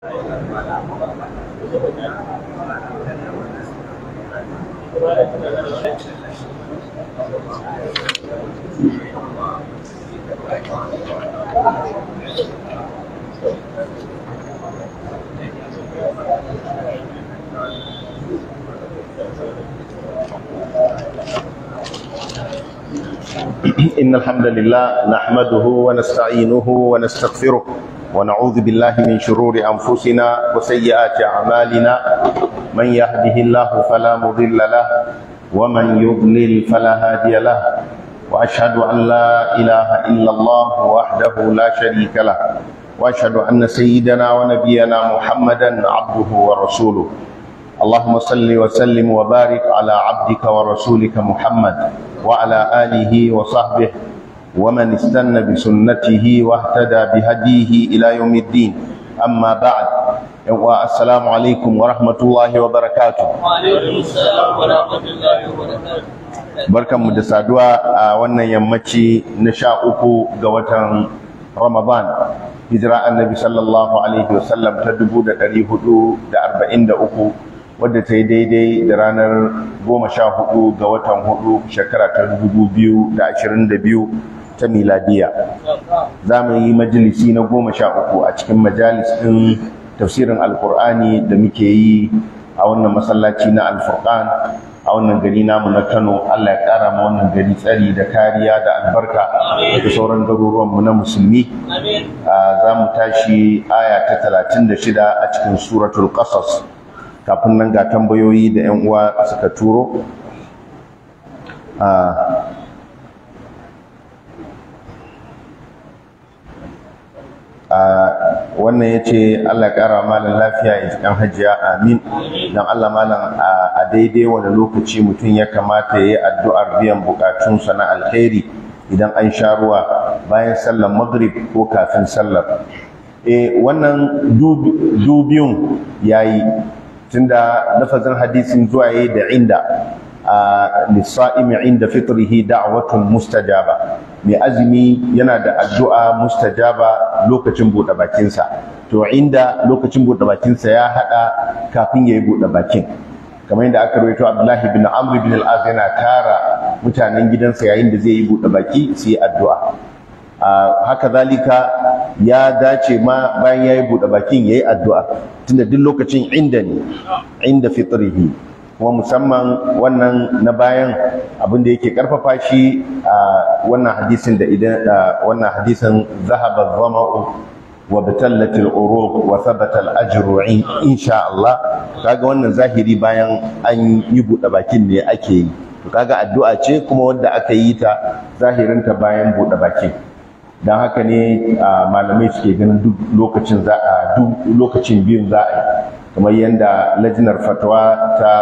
إن الحمد لله نحمده ونستعينه ونستغفره ونعوذ بالله من شرور أنفسنا وسيئات أعمالنا من يهده الله فلا مضل له ومن يضلل فلا هادي له وأشهد أن لا إله إلا الله وحده لا شريك له وأشهد أن سيدنا ونبينا محمدا عبده ورسوله اللهم صل وسلم وبارك على عبدك ورسولك محمد وعلى آله وصحبه ومن استنى بسنته واهتدى بهديه إلى يوم الدين أما بعد السلام عليكم ورحمة الله وبركاته وعليكم السلام ورحمة الله وبركاته barkanmu da saduwa a wannan yammaci na sha uku ga watan ramadan hijira annabi sallallahu alaihi wasallam ta dubu da ɗari hudu da arba'in da uku wadda ta yi daidai da ranar goma sha hudu ga watan hudu shekara ta dubu biyu da ashirin da biyu ta miladiya za mu yi majalisi na goma sha uku a cikin majalis ɗin tafsirin alkur'ani da muke yi a wannan masallaci na alfurqan a wannan gari namu na kano allah ya kara ma wannan gari tsari da kariya da albarka da sauran garuruwanmu na musulmi za mu tashi aya ta talatin da shida a cikin suratul qasas kafin nan ga tambayoyi da 'yan uwa suka turo wannan ya ce Allah ƙara malam lafiya ya jikan hajiya amin don Allah malam a daidai wani lokaci mutum ya kamata ya yi addu'ar biyan bukatunsa na alheri idan an sha ruwa bayan sallar maghrib ko kafin sallar e wannan dubiyun ya yi tunda lafazin hadisin zuwa ya da inda a lissa'imi inda fitrihi musta mustajaba mai azumi yana da addu'a mustajaba lokacin buɗe bakinsa to inda lokacin buɗe bakinsa ya haɗa kafin ya yi buɗe bakin kamar yadda aka rawaito abdullahi bin amr bin al-az yana tara mutanen gidansa yayin da zai yi buɗe baki su yi addu'a haka zalika ya dace ma bayan ya yi buɗe bakin ya yi addu'a tunda duk lokacin inda ne inda fitrihi kuma musamman wannan na bayan abin da yake karfafa shi a wannan hadisin da idan wannan hadisin zahaba zama'u wa batallatil uruq wa thabata al ajru insha Allah kaga wannan zahiri bayan an yi buɗe bakin ne ake yi to kaga addu'a ce kuma wanda aka yi ta zahirin ta bayan buɗe bakin dan haka ne malamai suke ganin duk lokacin za a duk lokacin biyun za a yi kamar yadda lajinar fatawa ta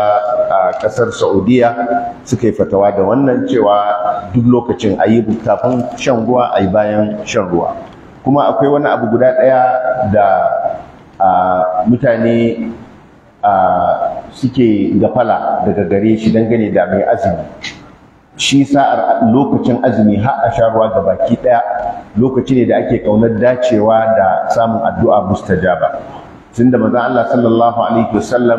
a kasar saudiya suka yi fatawa da wannan cewa duk lokacin a yi kafin shan ruwa a yi bayan shan ruwa kuma akwai wani abu guda ɗaya da mutane suke gafala daga gare shi dangane da mai azumi shi sa'ar lokacin azumi har a sha ruwa ga baki ɗaya lokaci ne da ake ƙaunar dacewa da samun addu'a mustajaba tunda maza Allah sallallahu alaihi wasallam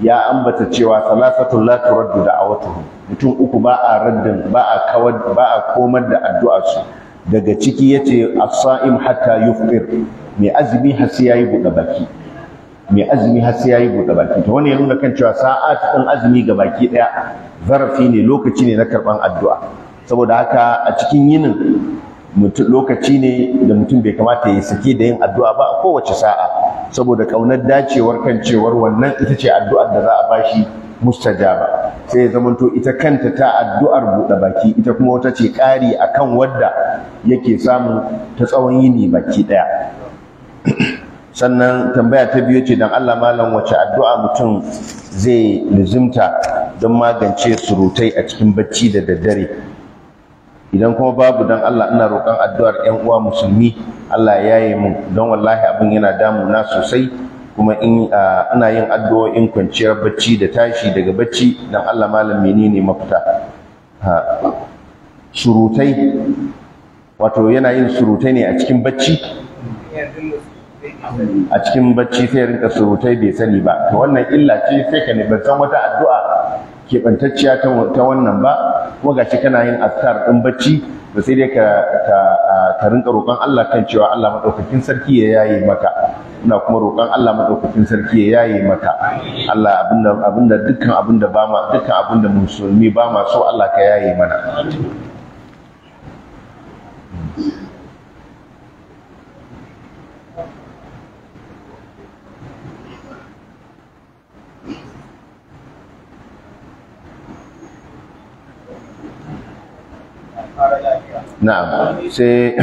ya ambata cewa salasatu la turaddu da'awatuhum mutum uku ba a raddin ba a kawar ba a komar da addu'a su daga ciki yace as-sa'im hatta yufṭir mai azumi har sai yayi buɗe baki mai azumi har sai yayi buɗe baki to ya nuna kan cewa sa'at ɗin azumi ga baki ɗaya, zarafi ne lokaci ne na karban addu'a saboda haka a cikin yinin lokaci ne da mutum bai kamata ya sake da yin addu'a ba a kowace sa'a saboda kaunar dacewar kan cewar wannan ita ce addu'ar da za a bashi ba, sai ya zamanto ita kanta ta addu'ar buɗe baki ita kuma wata ce ƙari akan wadda yake samu ta tsawon yini baki ɗaya sannan tambaya ta biyu ce don Allah malam wace addu'a mutum zai lizimta don magance surutai a cikin bacci da daddare idan kuma babu dan Allah ina roƙon addu'ar ƴan uwa musulmi Allah ya yaye mu don wallahi abin yana damu na sosai kuma in ina yin addu'o'in kwanciyar bacci da tashi daga bacci dan Allah malam menene mafita surutai wato yana yin surutai ne a cikin bacci a cikin bacci sai rinka surutai bai sani ba to wannan illa ce sai ka ne ban san wata addu'a keɓantacciya ta wannan ba kuma shi kana yin azkar din bacci to sai dai ka ka rinka roƙon Allah kan cewa Allah madaukakin sarki ya yaye maka ina kuma roƙon Allah madaukakin sarki ya yaye maka Allah abinda abinda dukkan abinda ba ma dukkan abinda musulmi ba ma so Allah ka yaye mana na'am sai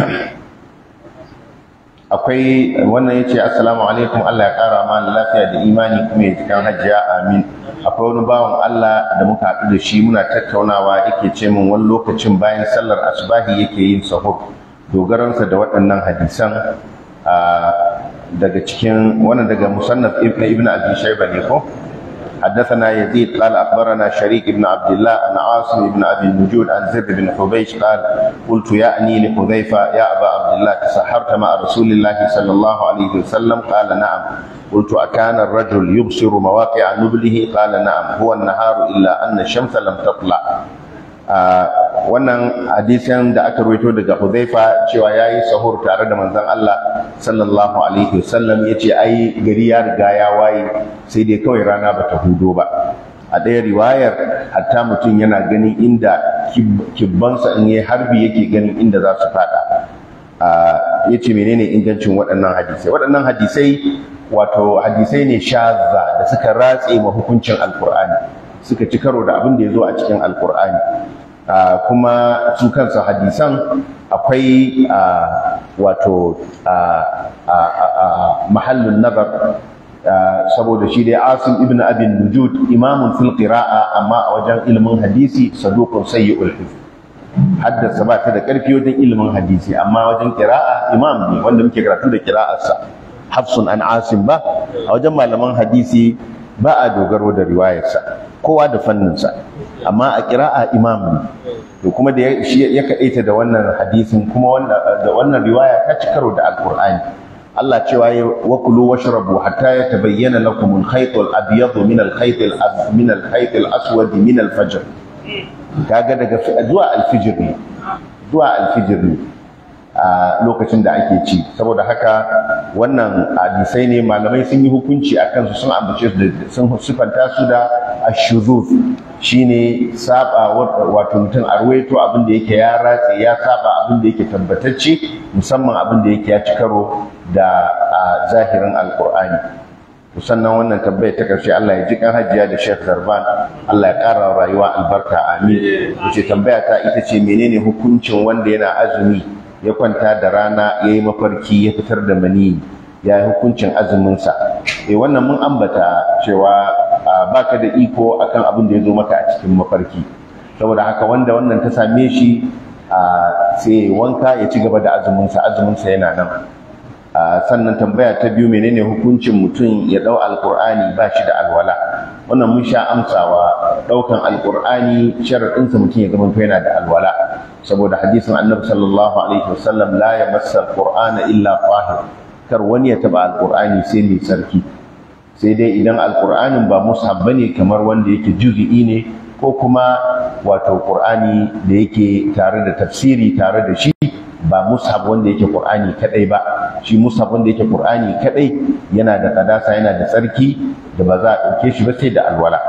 akwai wannan ce asalamu alaikum Allah ya kara ma lafiya da imani kuma ya cikin hajjia amin akwai wani bawan Allah da muka haɗu da shi muna tattaunawa yake ce min wani lokacin bayan sallar asubahi yake yin sahur dogaransa da waɗannan hadisan ah, daga cikin wannan daga musannaf ibn abi shayba ne ko حدثنا يزيد قال اخبرنا شريك بن عبد الله عن عاصم بن ابي النجود عن زر بن حبيش قال قلت يأني لحذيفه يا ابا عبد الله تسحرت مع رسول الله صلى الله عليه وسلم قال نعم قلت أكان الرجل يبصر مواقع نبله قال نعم هو النهار إلا أن الشمس لم تطلع wannan hadisin da aka ruwaito daga Huzaifa cewa yayi sahur tare da manzon Allah sallallahu alaihi wasallam yace ai gari ya riga ya waye sai dai kawai rana bata hudo ba a ɗaya riwayar hatta mutum yana gani inda kibbansa in yi harbi yake gani inda za su fada ya ce menene ingancin waɗannan hadisai waɗannan hadisai wato hadisai ne shazza da suka ratse ma hukuncin alkur'ani suka ci karo da abin da ya zo a cikin alkur'ani kuma su kansu hadisan akwai wato mahallin nazar saboda shi dai asim ibn abin nujud imamun fil qira'a amma a wajen ilimin hadisi saduqun sayyi'ul hifz haddasa ba ta da karfi wajen ilimin hadisi amma wajen qira'a imam ne wanda muke karatu da qira'arsa hafsun an asim ba a wajen malaman hadisi ba a dogaro da riwayarsa kowa da fanninsa amma a kira'a imam ne to kuma da shi ya kadaita da wannan hadisin kuma wannan da wannan riwaya ta ci karo da alqur'ani Allah cewa ya wakulu washrabu hatta tabayyana lakum al-khayt min al-khayt min al-khayt aswad min alfajr kaga daga zuwa alfajr fajr zuwa alfajr a lokacin da ake ci saboda haka wannan hadisai ne malamai sun yi hukunci a kansu sun ambace su sun sifanta su da ashuzuz shine saba wato mutum a ruwaito abin da yake ya ratse ya saba abin da yake tabbatacce musamman abin da yake ya ci karo da zahirin alkur'ani sannan wannan tambayar ta karshe Allah ya ji kan hajiya da Sheikh Zarban Allah ya ƙara rayuwa albarka amin wace tambaya ta ita ce menene hukuncin wanda yana azumi ya kwanta da rana ya yi mafarki ya fitar da mani ya yi hukuncin azuminsa e wannan mun ambata cewa ba ka da iko akan abin da ya zo maka a cikin mafarki saboda haka wanda wannan ta same shi a sai wanka ya ci gaba da azuminsa azuminsa yana nan sannan tambaya ta biyu menene hukuncin mutum ya dau alkur'ani ba shi da alwala wannan mun sha amsawa daukan alkur'ani sharaɗinsa mutum ya zama yana da alwala saboda hadisin annabi sallallahu alaihi wasallam la yamassa alqur'ana illa fahim kar wani ya taba alqur'ani sai mai sarki sai dai idan alqur'anin ba mushaf bane kamar wanda yake juz'i ne ko kuma wato qur'ani da yake tare da tafsiri tare da shi ba mushaf wanda yake qur'ani kadai ba shi mushaf wanda yake qur'ani kadai yana da kadasa yana da tsarki da ba za a dauke shi ba sai da alwala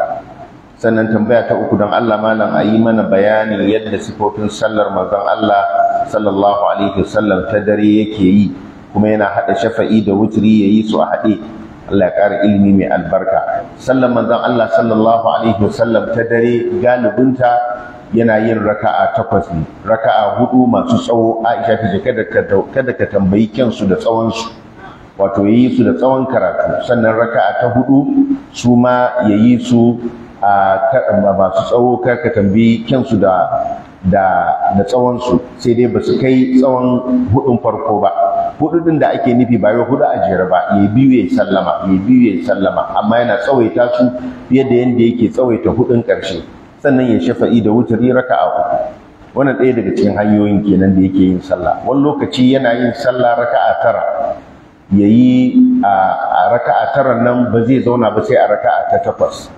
sannan tambaya ta uku don Allah malam a yi mana bayanin yadda sifofin sallar manzon Allah sallallahu alaihi wasallam ta dare yake yi kuma yana haɗa shafa'i da wuturi ya yi su a haɗe Allah ya ƙara ilimi mai albarka sallar manzon Allah sallallahu alaihi wasallam ta dare galibinta yana yin raka'a takwas ne raka'a hudu masu tsawo Aisha ta ce kada ka tambayi kansu da tsawonsu wato yayi su da tsawon karatu sannan raka'a ta hudu su ma yayi su masu tsawo kar ka tambayi kyansu da da da su sai dai ba su kai tsawon hudun farko ba hudun da ake nufi ba yau hudu a jere ba ya biyu ya sallama ya biyu ya sallama amma yana tsawaita su fiye da yadda yake tsawaita hudun karshe sannan ya shafa'i da wuturi raka a uku wannan ɗaya daga cikin hanyoyin kenan da yake yin sallah wani lokaci yana yin sallah raka a tara ya yi a raka a tara nan ba zai zauna ba sai a raka a ta takwas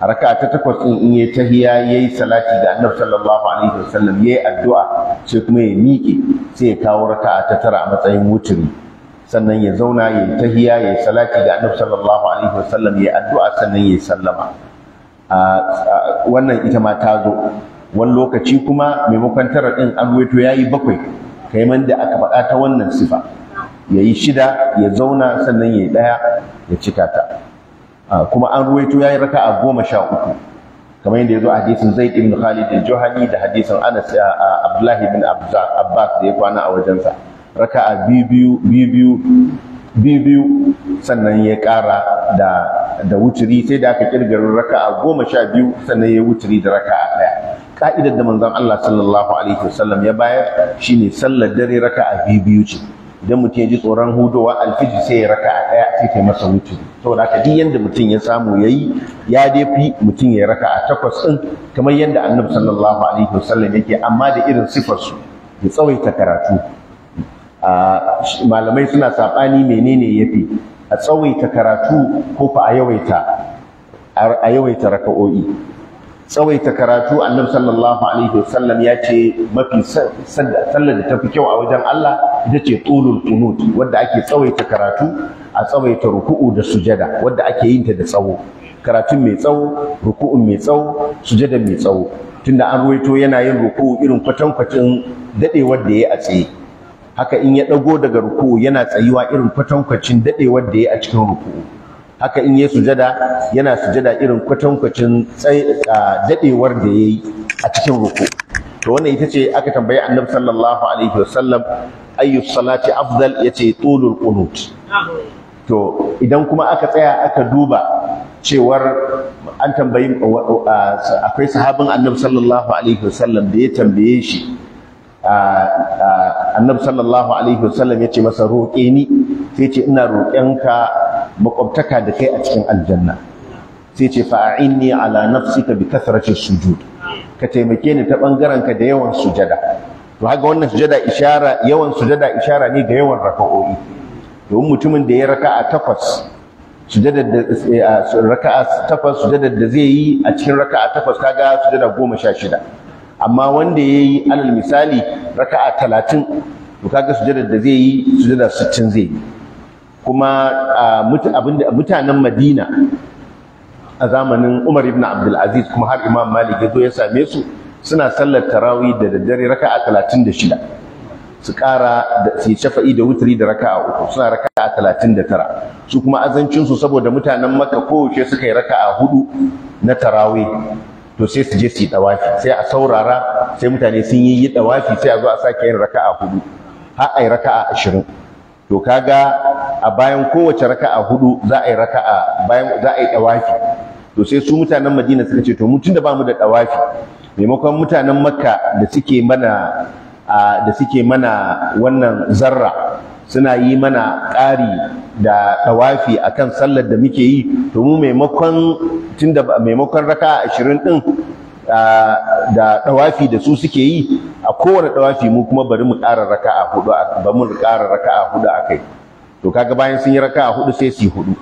a raka ta takwas in ya tahiya ya yi salati ga annabi sallallahu alaihi wasallam yi addu'a sai kuma ya miƙe sai ya kawo raka'a ta tara a matsayin wuturi sannan ya zauna yi tahiya ya yi salati ga annabi sallallahu alaihi wasallam yi addu'a sannan ya yi sallama wannan ita ma ta zo wani lokaci kuma maimakon tara ɗin an ya yi bakwai kaiman da aka faɗa ta wannan sifa ya yi shida ya zauna sannan ya yi ɗaya ya cika ta Ah, kuma an ruwaito yayi raka'a goma sha uku kamar yadda ya zo a hadisin zaid ibn khalid al-juhani da hadisin anas ah, ah, abdullah ibn abbas da ya kwana a wajensa raka'a biyu biyu biyu sannan ya ƙara da da wuturi sai da aka kirgarin raka'a goma sha biyu sannan ya wuturi da raka'a ɗaya ka'idar da manzon Allah sallallahu alaihi wasallam ya bayar shine sallar dare raka'a biyu biyu ce idan mutum ya ji tsoron hudowa alfijir sai ya raka a ɗaya sai ta masa wuce saboda haka duk yanda mutum ya samu ya yi ya dai fi mutum ya raka a takwas ɗin kamar yadda annabi sallallahu alaihi wasallam yake amma da irin sifarsu ya tsawaita karatu malamai suna saɓani menene ya fi a tsawaita karatu ko fa a yawaita a yawaita raka'o'i tsawaita karatu annabi sallallahu alaihi wasallam ya ce mafi sallar da tafi kyau a wajen Allah ita ce tulul qunut wanda ake tsawaita karatu a tsawaita ruku'u da sujada wanda ake yin ta da tsawo karatun mai tsawo ruku'un mai tsawo sujada mai tsawo tunda an ruwaito yana yin ruku'u irin kwatankwacin dadewar da yayi a tsaye haka in ya dago daga ruku'u yana tsayuwa irin kwatankwacin dadewar da yayi a cikin ruku'u haka in ya sujada yana sujada irin kwatankwacin dadewar da ya yi a cikin ruku to wannan ita ce aka tambayi annabi sallallahu alaihi wasallam ayu salati afdal yace tulul qunut to idan kuma aka tsaya aka duba cewar an tambayi akwai sahabin annabi sallallahu alaihi wasallam da ya tambaye shi annabi sallallahu alaihi wasallam ya ce masa roƙe ni sai ce ina roƙenka makwabtaka da kai a cikin aljanna sai ce fa'a'inni ala nafsika bi kasratis sujud ka taimake ni ta ɓangarenka ka da yawan sujada to haka wannan sujada ishara yawan sujada ishara ne ga yawan raka'o'i domin mutumin da ya a takwas sujada da eh, a takwas sujada da zai yi a cikin raka'a takwas kaga sujada goma sha shida amma wanda ya yi alal misali raka'a talatin to kaga sujadar da zai yi sujada sittin zai yi kuma mutanen madina a zamanin umar ibn abdulaziz kuma har imam malik ya zo ya same su suna sallar tarawi da daddare raka'a talatin da shida su ƙara su yi shafa'i da wuturi da raka'a uku suna raka'a talatin da tara su kuma azancinsu saboda mutanen maka kowace suka yi raka'a hudu na tarawi to sai su je su yi ɗawafi sai a saurara sai mutane sun yi yi ɗawafi sai a zo a sake yin raka'a hudu har a yi raka'a ashirin to kaga a bayan kowace raka'a hudu za a yi raka'a bayan za a yi dawafi to sai su mutanen Madina suka ce to mu tunda bamu da dawafi maimakon mutanen Makka da suke mana da suke mana wannan zarra suna yi mana ƙari da ɗawafi a kan sallar da muke yi to mu maimakon tunda maimakon raka ashirin ɗin da dawafi da su suke yi a kowane dawafi mu kuma bari mu ƙara raka'a hudu ba mu ƙara raka'a hudu kai. to kaga bayan sun yi raka'a hudu sai su hudu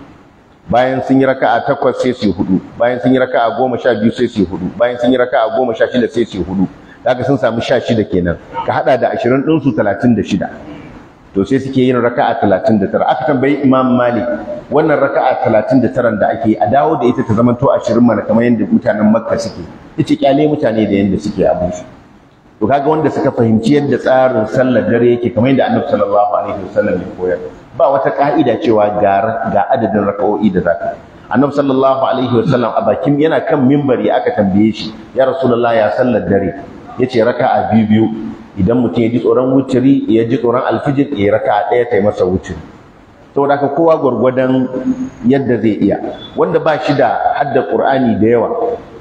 bayan sun yi raka'a takwas sai su hudu bayan sun yi raka'a goma sha biyu sai su hudu bayan sun yi raka'a goma sha shida sai su hudu kaga sun samu sha shida kenan ka hada da ashirin ɗinsu talatin da shida to sai suke yin raka'a 39 aka tambayi Imam Malik wannan raka'a 39 da ake a dawo da ita ta zama to 20 mana kamar yadda mutanen Makka suke yace kyale mutane da yadda suke abun su to kaga wanda suka fahimci yadda tsarin sallar dare yake kamar yadda Annabi sallallahu alaihi wasallam ya koyar ba wata ka'ida cewa ga ga adadin raka'o'i da zaka Annabi sallallahu alaihi wasallam a bakin yana kan mimbari aka tambaye shi ya Rasulullah ya sallar dare yace raka'a biyu biyu idan mutum ya ji tsoron wuturi ya ji tsoron alfijir ya raka ɗaya ta yi masa da saboda haka kowa gwargwadon yadda zai iya wanda ba shi da hadda qur'ani da yawa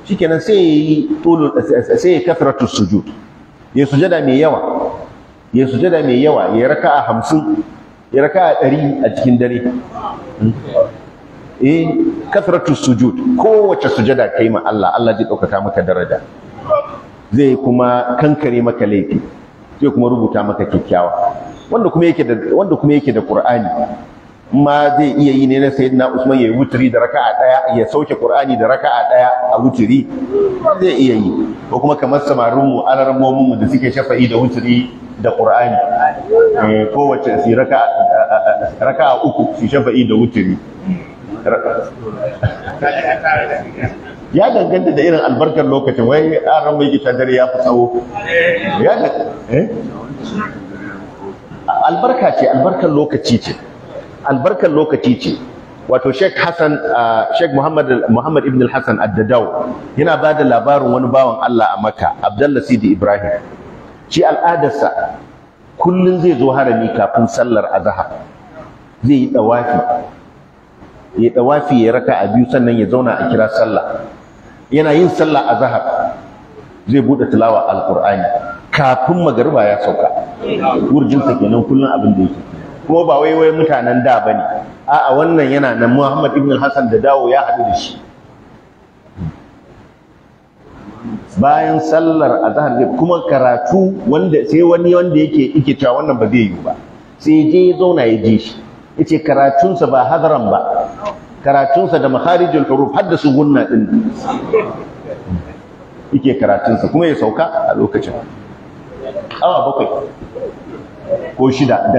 shikenan sai ya yi tulul sai ya kasratu sujud ya sujada mai yawa ya sujada mai yawa ya raka a hamsin ya raka a ɗari a cikin dare eh kasratu sujud kowace sujada kai ma Allah Allah zai ɗaukaka maka daraja zai kuma kankare maka laifi zai kuma rubuta maka kyakkyawa wanda kuma yake da wanda kuma yake da Qur'ani ma zai iya yi ne na sayyidina Usman ya wuturi da raka'a daya ya sauke Qur'ani da raka'a daya a wuturi zai iya yi ko kuma kamar samarin mu alar mu da suke shafa'i da wuturi da Qur'ani eh wacce si raka'a raka'a uku su shafa'i da wuturi ya danganta da irin albarkar lokacin wai an mai gita dare ya fi tsawo ya eh? albarka ce albarkar lokaci ce albarkar lokaci ce wato Sheikh Hassan ah, Sheikh Muhammad Muhammad ibn al-Hassan ad-Dadaw yana ba da labarin wani bawan Allah a Makka Abdullah Sidi Ibrahim shi al'adarsa kullun zai zo harami kafin sallar azhar zai yi dawafi ya dawafi ya raka a biyu sannan ya zauna a kira sallah yana yin sallah a zahar zai bude tilawa alqur'ani kafin magariba ya sauka wurjinsa kenan kullun abin da yake kuma ba wai wai mutanen da bane a'a wannan yana nan Muhammad ibn Hassan da dawo ya hadu da shi bayan sallar azhar zai kuma karatu wanda sai wani wanda yake yake wannan ba zai yi ba sai je ya zauna ya je shi yace karatunsa ba hadaran ba karatunsa da makharijul huruf har da su gunna din yake karatunsa kuma ya sauka a lokacin awa bakwai ko shida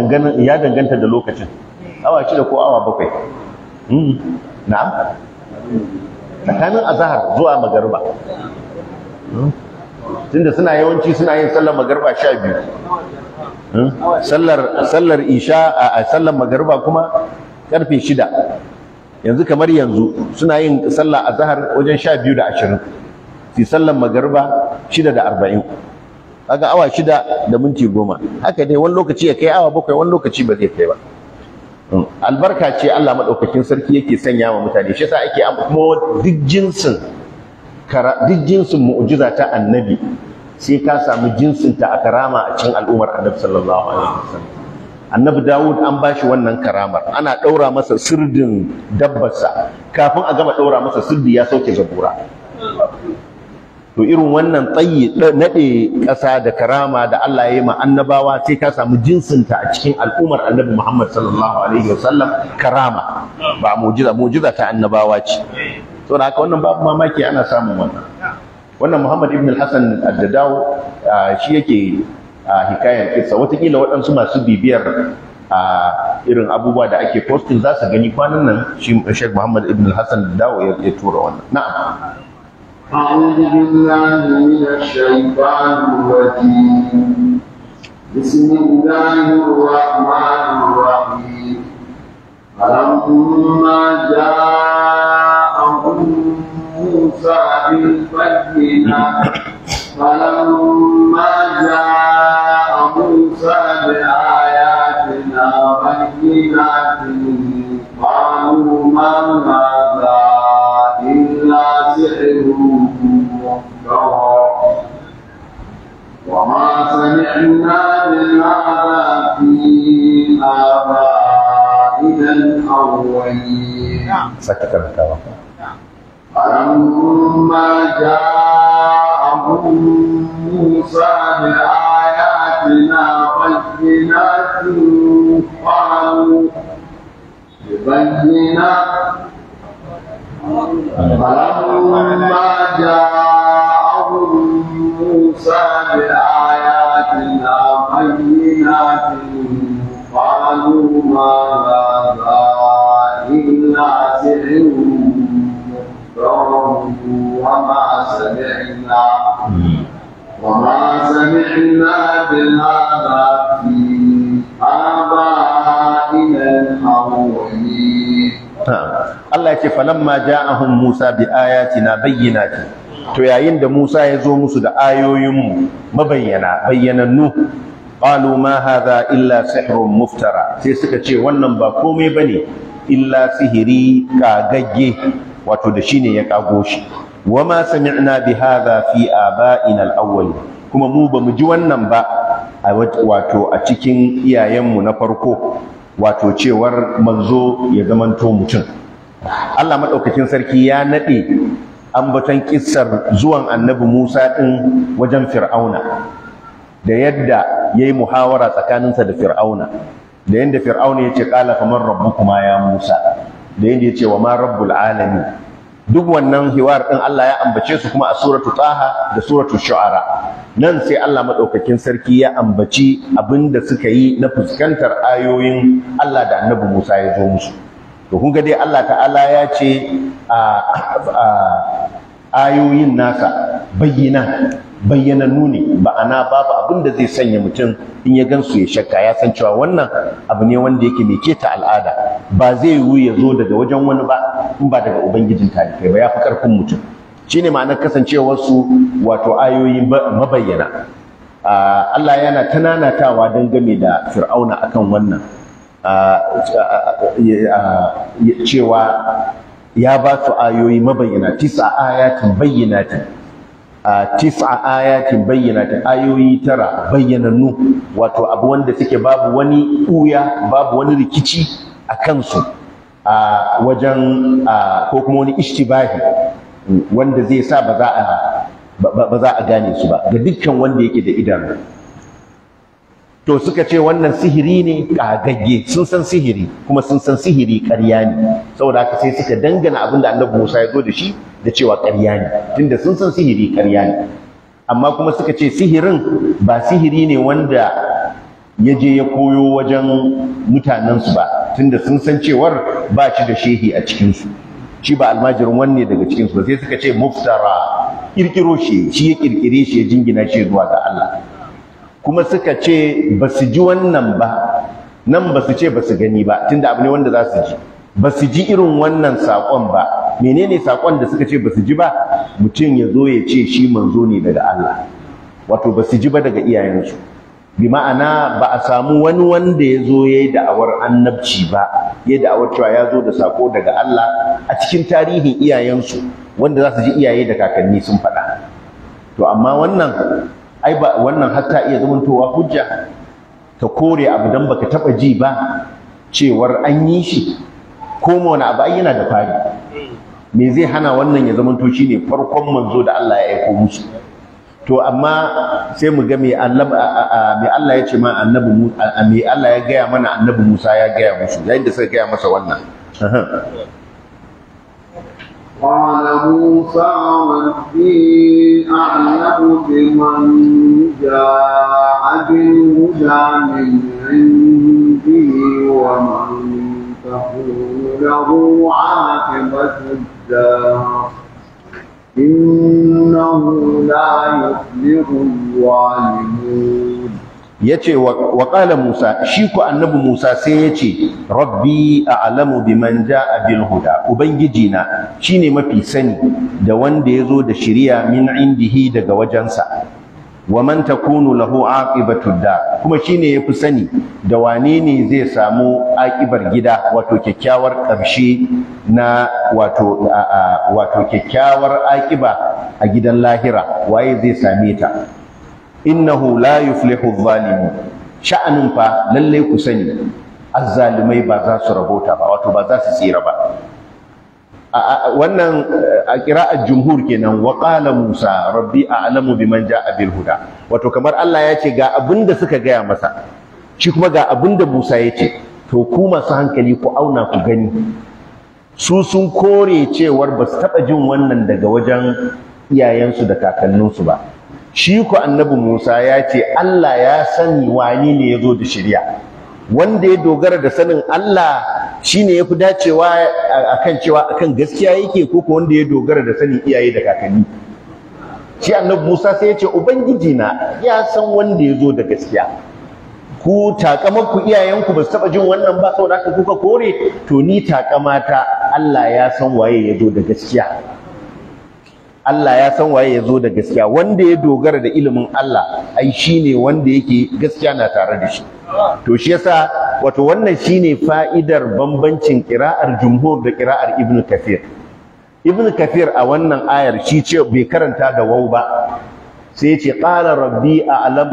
ya danganta da lokacin awa shida ko awa bakwai hmm. na'am tsakanin azahar zuwa magarba hmm. tunda suna yawanci suna yin sallar magarba sha biyu hmm. sallar isha a sallar magarba kuma karfe shida yanzu kamar yanzu suna yin sallah a zahar wajen sha 12 da 20 fi sallan magariba 6 da 40 kaga awa 6 da minti 10 haka dai wani lokaci ya kai awa 7 wani lokaci ba zai kai ba hmm. albarka ce Allah madaukakin sarki yake sanya wa mutane shi yasa ake kuma duk jinsin duk ta annabi sai ka samu jinsin a karama a cikin al'ummar annabi sallallahu alaihi wasallam annabi dawud an bashi wannan karamar ana ɗaura masa sirdin dabbarsa kafin a gama ɗaura masa sirdi ya sauke zabura to irin wannan tsayi naɗe ƙasa da karama da Allah ya yi ma annabawa sai ka samu jinsinta a cikin al'ummar annabi Muhammad sallallahu alaihi wasallam karama ba mujiza mujiza ta annabawa ce to da haka wannan babu mamaki ana samun wannan wannan Muhammad ibn al-Hasan ad-Dadaw shi yake a hikayar wata watakila waɗansu masu bibiyar a irin abubuwa da ake posting za su gani kwanan nan shi Sheikh Muhammad Ibn Hassan da dawo ya tura wannan na'am أعوذ بالله sake karantawa فلما جاءهم موسى بآياتنا بينات قالوا بينات فلما جاءهم musa. allah بهذا في آبائنا الأولين Allah ya falamma ja'ahum Musa bi bayyana bayyinati to yayin da Musa ya zo musu da ayoyinmu mabayyana bayyanannu qalu ma hadha illa sihrun muftara sai suka ce wannan ba komai bane illa sihiri kagagge wato da shine ya kago shi wama sami'na bi hadha fi aba'ina al-awwalin kuma mu ba mu ji wannan ba wato a cikin iyayenmu na farko wato cewar manzo ya zamanto mutum Allah maɗaukakin sarki ya naɗe ambaton kissar zuwan annabi Musa ɗin wajen Fir'auna da yadda ya yi muhawara tsakaninsa da Fir'auna da yadda Fir'auna ya ce ƙala kamar rabbu kuma ya Musa da yadda ya ce wa ma rabbul alami duk wannan hiwar ɗin Allah ya ambace su kuma a suratu taha da suratu shu'ara nan sai Allah madaukakin sarki ya ambaci abinda suka yi na fuskantar ayoyin Allah da Annabi Musa ya zo musu to kun ga dai Allah ta'ala ya ce a ayoyin nasa bayyana bayyanannu ne ba'ana babu abin da zai sanya mutum in ya gansu ya shakka ya san cewa wannan abu ne wanda yake mai keta al'ada ba zai yiwu ya zo daga wajen wani ba in ba daga ubangijin talibai ba ya fi karfin mutum Shi ne ma'anar kasancewarsu wato ayoyi mabayyana Allah yana tananatawa game da fir'auna akan wannan cewa ya ba su ayoyi mabayyana tisa ayatin bayyanatin a tis'a ayatin bayyana ta ayoyi tara bayyanannu wato abu wanda suke babu wani uya babu wani rikici a kansu a wajen ko kuma wani ishtibahi wanda zai sa ba za a gane su ba ga dukkan wanda yake da idanu to suka ce wannan sihiri ne kagagge sun san sihiri kuma sun san sihiri ƙarya ne saboda haka sai suka dangana abin da annabi Musa ya zo da shi da cewa ƙarya ne tunda sun san sihiri ƙarya ne amma kuma suka ce sihirin ba sihiri ne wanda ya je ya koyo wajen mutanensu ba tunda sun san cewar ba shi da shehi a cikinsu shi ba almajirin wanne daga cikinsu ba sai suka ce muftara kirkiro shi shi ya ƙirƙire shi ya jingina shi zuwa ga Allah kuma suka ce ba su ji wannan ba nan ba su ce ba su gani ba tunda abu ne wanda za su ji ba su ji irin wannan saƙon ba menene saƙon da suka ce ba su ji ba mutum ya zo ya ce shi manzo ne daga Allah wato ba su ji ba daga iyayensu bi ma'ana ba a samu wani wanda ya zo ya yi da'awar annabci ba ya da'awar cewa ya zo da saƙo daga Allah a cikin tarihin iyayensu wanda za su ji iyaye da kakanni sun faɗa to amma wannan ai ba wannan hatta iya zamantowa hujja ka kore abu dan baka taba ji ba cewar an yi shi ko wani abu yana da fari me zai hana wannan ya zamanto shine farkon manzo da Allah ya aiko musu to amma sai mu ga me Allah ya ce ma annabi Musa me Allah ya gaya mana annabi Musa ya gaya musu yayin da suka gaya masa wannan قال موسى ربي أعلم بمن جاء بالهدى من عنده ومن تكون له عاقبة الدار إنه لا يفلح الظالمون yace wa ƙala Musa shi ku annabi Musa sai ya ce rabbi a'lamu biman jaa a bilhuda ubangiji na ne mafi sani da wanda ya zo da shirya min indihi daga wajensa wa man kunu lahu aqibatud da kuma shi ne ya fi sani da wane ne zai samu aqibar gida wato kyakkyawar ƙarshe na wato wato kyakkyawar aqiba a gidan lahira waye zai same ta innahu la yuflihu zalimu sha'anin fa lalle ku sani azzalimai ba za su rabota ba wato ba za su tsira ba wannan a a jumhur kenan wa qala musa rabbi a'lamu biman ja'a bil huda wato kamar Allah ya ce ga abinda suka gaya masa shi kuma ga abinda Musa ya ce to ku masu hankali ku auna ku gani su sun kore cewar ba su taɓa jin wannan daga wajen iyayensu da kakanninsu ba shi ku annabi Musa ya ce Allah ya sani wani ne ya zo da shirya wanda ya dogara da sanin Allah shine fi dacewa akan cewa akan gaskiya yake ko ko wanda ya dogara da sanin iyaye da kakanni shi annabi Musa sai ya ce ubangiji na ya san wanda ya zo da gaskiya ku takamar iyayenku ba su taba jin wannan ba saboda haka kuka kore to ni takamata Allah ya san waye ya zo da gaskiya Allah ya san waye ya zo da gaskiya wanda ya dogara da ilimin Allah ai shine wanda yake gaskiya na tare da shi to shi yasa wato wannan shine fa'idar bambancin qira'ar jumhur da kiraar ibn kafir ibn kafir a wannan ayar shi ce bai karanta da waw ba sai ya ce qala rabbi a'lam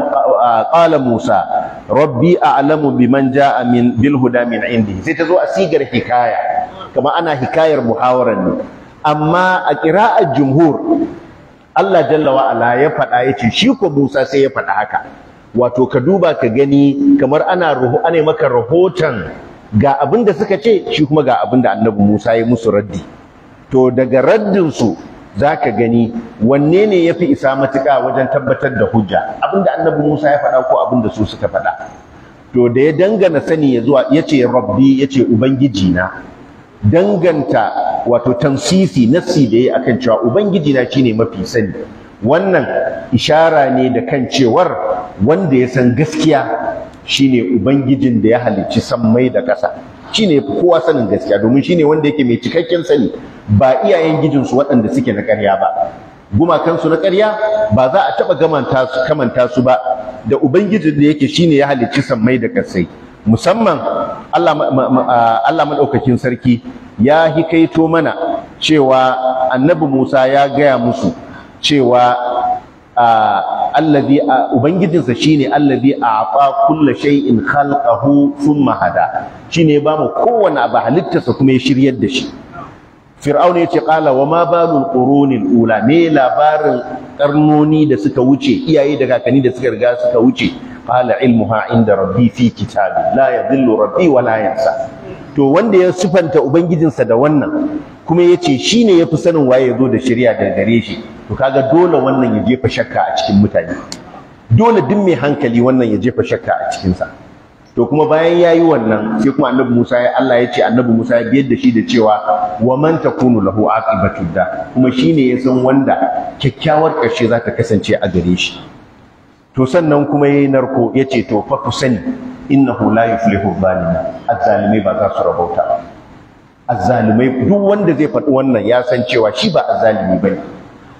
qala musa rabbi a'lamu biman ja'a min bil huda min indi sai ta zo a sigar hikaya kama ana hikayar muhawaran ne amma a ƙira'ar jumhur Allah jalla wa'ala ya faɗa ya ce shi ko Musa sai ya faɗa haka wato ka duba ka gani kamar ana ruhu ana maka rahoton ga abin da suka ce shi kuma ga abin da annabi Musa ya musu raddi to daga raddin su zaka gani wanne ne yafi isa matuƙa wajen tabbatar da hujja abin da annabi Musa ya faɗa ko abin da su suka faɗa to da ya dangana sani ya zuwa ya ce rabbi ya ce ubangiji na danganta wato tamsisi nafsi da yayi akan cewa ubangiji na shine mafi sani wannan ishara ne da kan cewar wanda ya san gaskiya shine ubangijin da ya halicci sammai da ƙasa shine yafi kowa sanin gaskiya domin shine wanda yake mai cikakken sani ba iyayen gijinsu waɗanda suke na ƙarya ba gumakansu na ƙarya ba za a taɓa kamanta su ba da ubangijin da yake shine ya halicci sammai da ƙasai musamman Allah maɗaukakin sarki ya hikaito mana cewa annabi Musa ya gaya musu cewa allazi ubangijinsa shine allazi afa kullu shay'in khalqahu thumma hada shine ya bamu kowanne abu halittarsa kuma ya shiryar da shi fir'aun ya ce qala wa ma balu qurunil alula me labarin karnoni da suka wuce iyaye da kakanni da suka riga suka wuce qala ilmuha inda rabbi fi kitabi la yadhillu rabbi wa la yansa to wanda ya sifanta ubangijinsa da wannan kuma ya ce shi ne ya fi sanin waye ya zo da shirya da gare shi to kaga dole wannan ya jefa shakka a cikin mutane dole duk mai hankali wannan ya jefa shakka a cikinsa to kuma bayan ya yi wannan sai kuma annabi musa ya allah ya ce annabi musa ya biyar da shi da cewa wa man takunu lahu aqibatu da kuma shine ya san wanda kyakkyawar ƙarshe za ta kasance a gare shi to sannan kuma yayi narko ya to fa ku sani innahu la yuflihu zalimin azzalimai ba za su rabauta ba azzalimai duk wanda zai faɗi wannan ya san cewa shi ba azzalimi ne,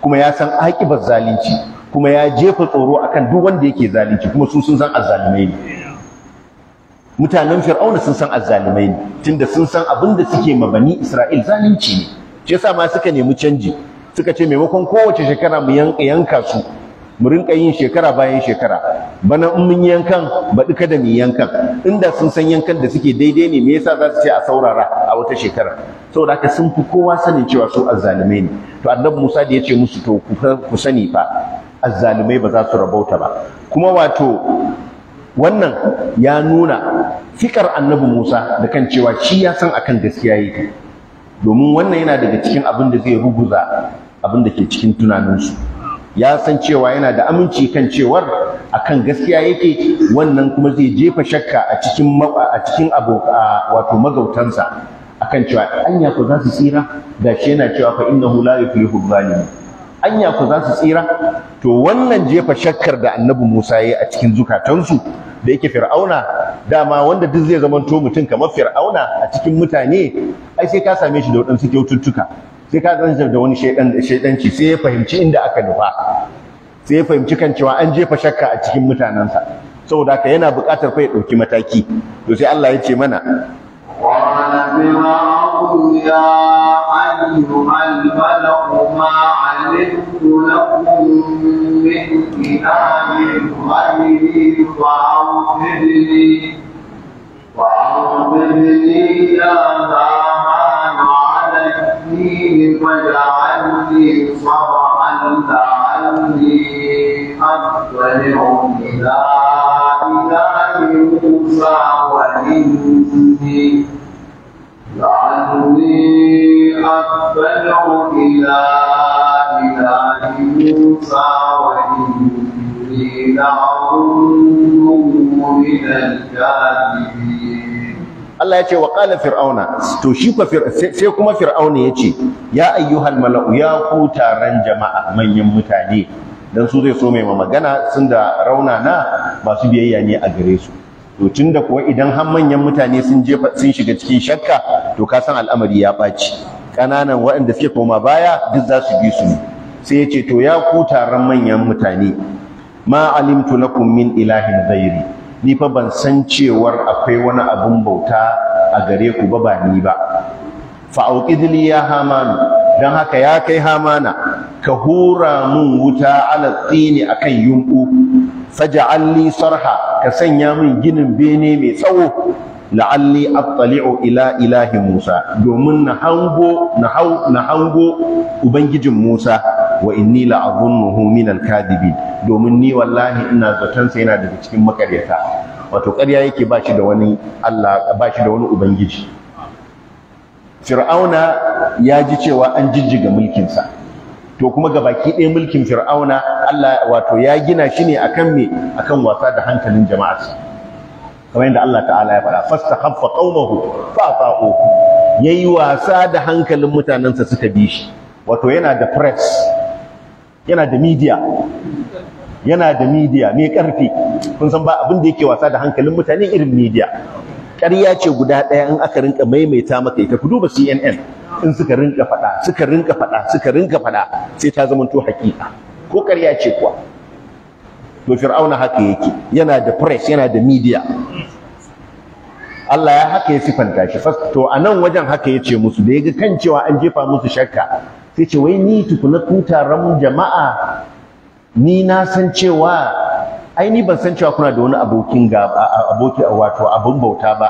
kuma ya san aƙibar zalunci kuma ya jefa tsoro akan duk wanda yake zalunci kuma su sun san azzalimai ne mutanen fir'auna sun san azzalimai ne tunda sun san abin da suke ma bani isra'il zalunci ne shi yasa ma suka nemi canji suka ce maimakon kowace shekara mu yanka su mu rinka yin shekara bayan shekara bana in mun yankan baɗi kada mu yankan inda sun san yankan da suke daidai ne me yasa za su ce a saurara a wata shekara saboda haka sun fi kowa sanin cewa su azzalumai ne to annabi Musa da ya ce musu to ku sani fa azzalumai ba za su rabauta ba kuma wato wannan ya nuna fikar annabi Musa da kan cewa shi ya san akan gaskiya yake domin wannan yana daga cikin abin da zai ruguza abin da ke cikin tunaninsu ya san cewa yana da aminci kan cewar akan gaskiya yake wannan kuma zai jefa shakka a cikin a cikin wato magautansa akan cewa anya ku za su tsira gashi yana cewa fa innahu la yuflihu zalimin anya ku za su tsira to wannan jefa shakkar da annabi Musa yayi a cikin zukatansu da yake fir'auna dama wanda duk zai zamanto mutum kamar fir'auna a cikin mutane ai sai ka same shi da waɗansu kyaututtuka sai ka zanzar da wani shaidanci sai ya fahimci inda aka nufa sai ya fahimci kan cewa an jefa shakka a cikin mutanensa saboda haka yana buƙatar fa ya ɗauki mataki to sai Allah ya ce mana وأعطني يا وجعلني صرعا لعلي أطلع إلى إله موسى وإني لعلي أطلع إلى إله موسى وإني لأظنه من الكاذبين Allah ya ce wa ƙala fir'auna to shi sai kuma fir'auna ya ce ya ayyuhal mala'u ya ku taron jama'a manyan mutane dan su zai so mai magana sun da rauna na masu biyayya ne a gare su to tunda kuwa idan har manyan mutane sun je sun shiga cikin shakka to ka san al'amari ya ɓaci ƙananan waɗanda suke koma baya duk za su bi su ne sai ya ce to ya ku taron manyan mutane ma alimtu lakum min ilahin ghairi ni fa ban san cewar akwai wani abin bauta a gare ku ba ba ni ba fa auqidli ya hamanu dan haka ya kai hamana ka hura mun wuta ala tsini akan yumbu faj'alni sarha ka sanya min ginin bene mai tsawo la'alli attali'u ila ilahi Musa domin na hango na hau na hango ubangijin Musa wa inni la'azunnuhu min al-kadibin domin ni wallahi ina zaton sai yana daga cikin makaryata wato ƙarya yake ba shi da wani Allah ba shi da wani ubangiji Fir'auna ya ji cewa an jijjiga sa, to kuma ga baki ɗaya mulkin Fir'auna Allah wato ya gina shi ne akan me akan wasa da hankalin jama'arsa kamar yadda Allah ta'ala ya faɗa fastakhaffa qaumahu fa yayi wasa da hankalin mutanensa suka bi shi wato yana da press yana da media yana da media mai karfi kun san ba abin da yake wasa da hankalin mutane irin media ƙarya ce guda ɗaya in aka rinka maimaita maka ita ku duba CNN in suka rinka faɗa suka rinka faɗa suka rinka faɗa sai ta zama to hakika ko ƙarya ce kuwa to fir'auna haka yake yana da press yana da media Allah ya haka ya sifanta shi to a nan wajen haka ya ce musu da ya ga kan cewa an jefa musu shakka sai ce wai ni tukuna tutaran jama'a ni na san cewa ai ni ban san cewa kuna da wani abokin gaba aboki a wato abun bauta ba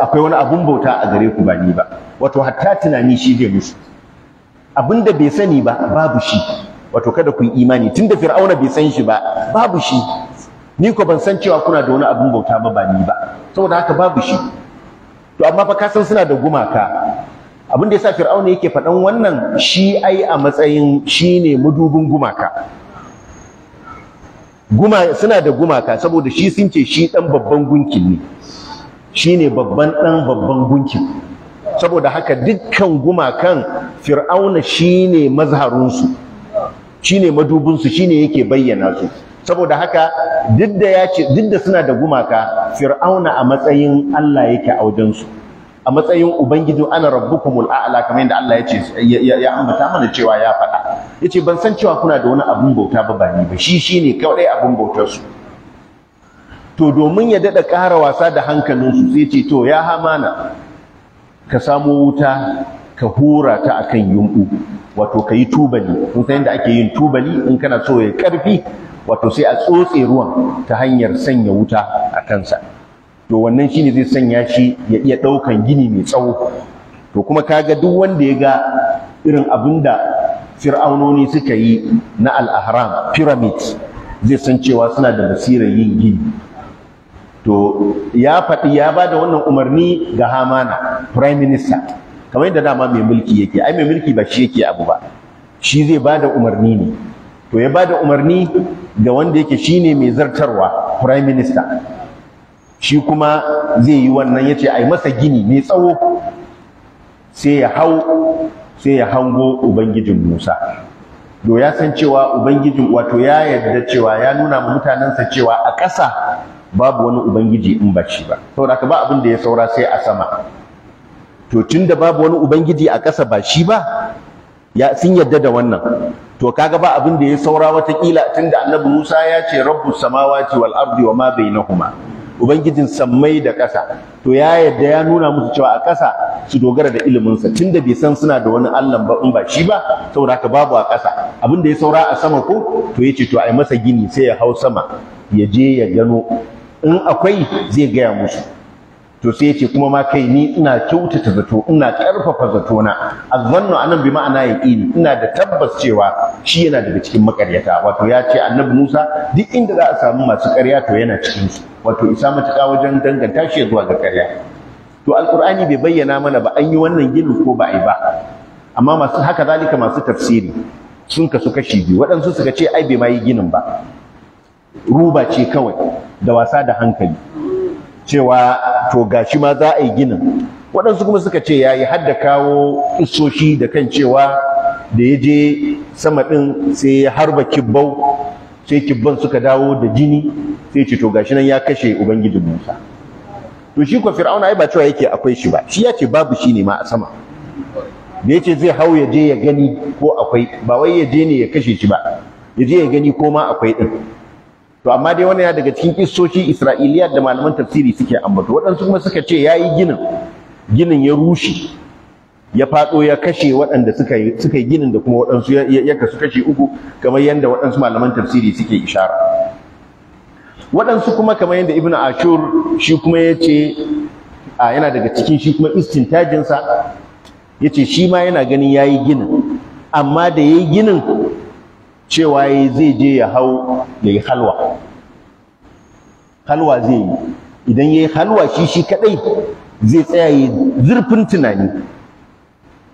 akwai wani abun bauta a gare ku ba ni ba wato hatta tunani shi zai musu abinda bai sani ba babu shi wato kada ku yi imani tunda fir'auna bai san shi ba babu shi ni ko ban san cewa kuna da wani abin bauta ba ba ni ba saboda haka babu shi to amma fa ka san suna da gumaka abin da yasa fir'auna yake faɗan wannan shi ai a matsayin shine madubin gumaka guma suna da gumaka saboda shi sun ce shi dan babban gunkin ne shine babban dan babban gunkin saboda haka dukkan gumakan fir'auna shine mazharunsu shine madubinsu shine yake bayyana su saboda haka duk da ya ce duk da suna da gumaka fir'auna a matsayin Allah yake a su a matsayin ubangiji ana rabbukumul a'la kamar yadda Allah ya ce ya ambata mana cewa ya faɗa yace ban san cewa kuna da wani abin bauta ba bani ba shi shine kawai abin bautar su to domin ya dada ƙara wasa da hankalinsu sai ce to ya hamana ka samo wuta ka hura ta akan yumbu wato ka yi tubali kun san yadda ake yin tubali in kana so ya karfi wato sai a tsotse ruwan ta hanyar sanya wuta a kansa to wannan shine zai sanya shi ya iya ɗaukan gini mai tsawo to kuma kaga duk wanda ya ga irin abin da fir'aunoni suka yi na al'ahram pyramid zai san cewa suna da basirar yin gini to ya faɗi ya ba da wannan umarni ga hamana prime minister kamar yadda dama mai mulki yake ai mai mulki ba shi yake abu ba shi zai ba da umarni ne to ya ba da umarni ga wanda yake shine mai zartarwa prime minister shi kuma zai yi wannan ya ce ai masa gini mai tsawo sai ya hau sai ya hango ubangijin musa do ya san cewa ubangijin wato ya yadda cewa ya nuna ma mutanensa cewa a ƙasa babu wani ubangiji in ba shi ba saboda ba abin da ya saura sai a sama to tun da babu wani ubangiji a ƙasa ba shi ba ya sun yadda da wannan to kaga ba abin da ya saura wata tun da annabi Musa ya ce rabbus samawati wal ardi wa ma bainahuma ubangijin sammai da ƙasa to ya yadda ya nuna musu cewa a ƙasa su dogara da ilimin sa da bai san suna da wani Allah ba in ba shi ba saboda haka babu a ƙasa abin da ya saura a sama ko to yace to ai masa gini sai ya hau sama ya je ya gano in akwai zai gaya musu to sai yace kuma ma kai ni ina kyautata zato ina karfafa zato na azzannu anan bi ma'ana yaqini ina da tabbas cewa shi yana daga cikin makaryata wato ya ce annabi Musa duk inda za a samu masu karya to yana cikin su wato isa matuka wajen danganta shi zuwa ga karya? to alqur'ani bai bayyana mana ba an yi wannan gini ko ba ai ba amma masu haka zalika masu tafsiri sun kasu kashi biyu waɗansu suka ce ai bai ma yi ginin ba ruba ce kawai da wasa da hankali cewa to gashi ma za a yi ginin waɗansu kuma suka ce ya yi hadda kawo isoshi da kan cewa da ya je sama ɗin sai ya harba kibbau sai kibban suka dawo da jini sai ce to gashi nan ya kashe ubangijin musa to shi ko fir'auna ai ba cewa yake akwai shi ba shi ya ce babu shi ne ma a sama da ya ce zai hau ya je ya gani ko akwai ba wai ya je ne ya kashe shi ba ya je ya gani ko ma akwai ɗin to amma dai wannan ya daga cikin kissoci Isra'iliya da malaman tafsiri suke ambata waɗansu kuma suka ce yayi ginin ginin ya rushe ya faɗo ya kashe waɗanda suka ginin da kuma waɗansu ya kasu kashe uku kamar yadda waɗansu malaman tafsiri suke ishara waɗansu kuma kamar yadda Ibn ashur shi kuma ya ce yana daga cikin shi kuma istintajinsa ya ce shi ma yana ganin ya yi ginin amma da ya yi ginin cewa yi zai je ya hau ya yi halwa halwa zai yi idan ya yi halwa shi shi kadai zai tsaya yi zurfin tunani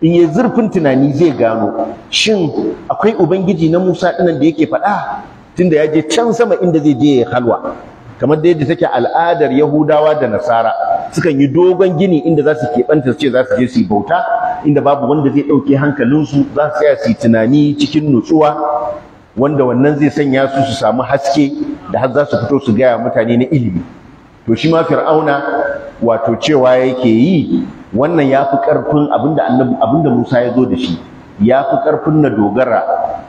in yi zurfin tunani zai gano shin akwai ubangiji na musa ɗinan da yake faɗa tunda ya je can sama inda zai je ya yi halwa kamar da yadda take al'adar yahudawa da nasara sukan yi dogon gini inda za su keɓanta su ce za su je su yi bauta inda babu wanda zai ɗauke hankalinsu za su tsaya su yi tunani cikin nutsuwa wanda wannan zai sanya su su samu haske da har za su fito su gaya mutane na ilimi to shi ma fir'auna wato cewa yake yi wannan ya fi ƙarfin abinda annabi Musa ya zo da shi ya fi ƙarfin na dogara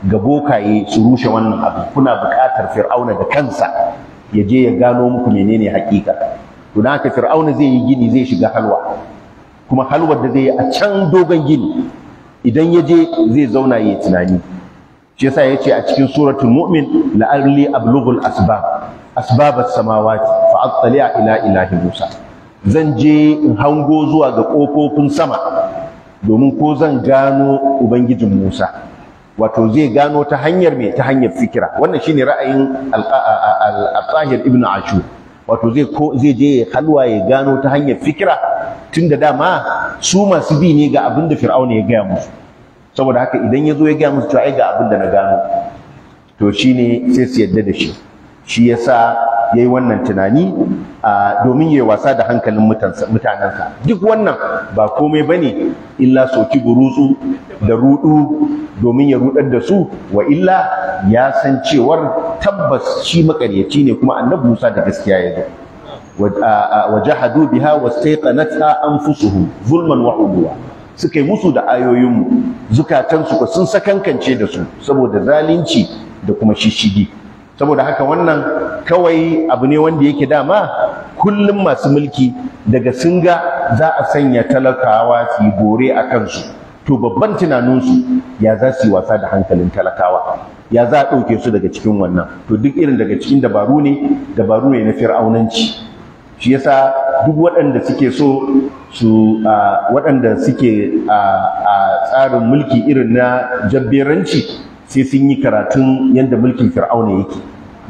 ga bokaye su rushe wannan abu kuna buƙatar fir'auna da kansa ya je ya gano muku menene haƙiƙa, to na haka fir'auna zai yi gini zai shiga halwa kuma halwar da zai yi a can dogon gini idan ya je zai zauna ya tunani shi yasa yace a cikin suratul mu'min la'alli ablughul asbab asbab as-samawati fa attali'a ila ilahi musa zan je in hango zuwa ga kofofin sama domin ko zan gano ubangijin musa wato zai gano ta hanyar me ta hanyar fikira wannan shine ra'ayin al-tahir ibn Ashu. wato zai ko zai je halwa ya gano ta hanyar fikira tunda dama su masu bi ne ga abin da fir'auna ya gaya musu saboda haka idan ya zo ya gaya musu cewa ga abin da na gano to shine sai su yadda da shi shi yasa yayi wannan tunani domin yayi wasa da hankalin mutanensa duk wannan ba komai bane illa soki burutsu da rudu domin ya rudar da su wa illa ya san cewar tabbas shi makaryaci ne kuma annabi Musa da gaskiya ya zo wajahadu biha wastaiqanatha anfusuhum zulman wa udwa suka yi musu da ayoyinmu zukatansu ko sun sakankance da su saboda zalunci da kuma shishigi saboda haka wannan kawai abu ne wanda yake dama kullum masu mulki daga sun ga za a sanya talakawa su yi bore a kansu to babban tunaninsu ya za su yi wasa da hankalin talakawa ya za a ɗauke su daga cikin wannan to duk irin daga cikin dabaru ne dabaru ne na fir'aunanci shi yasa duk waɗanda suke so su waɗanda suke a tsarin mulki irin na jabberanci sai sun yi karatun yadda mulkin fir'auna yake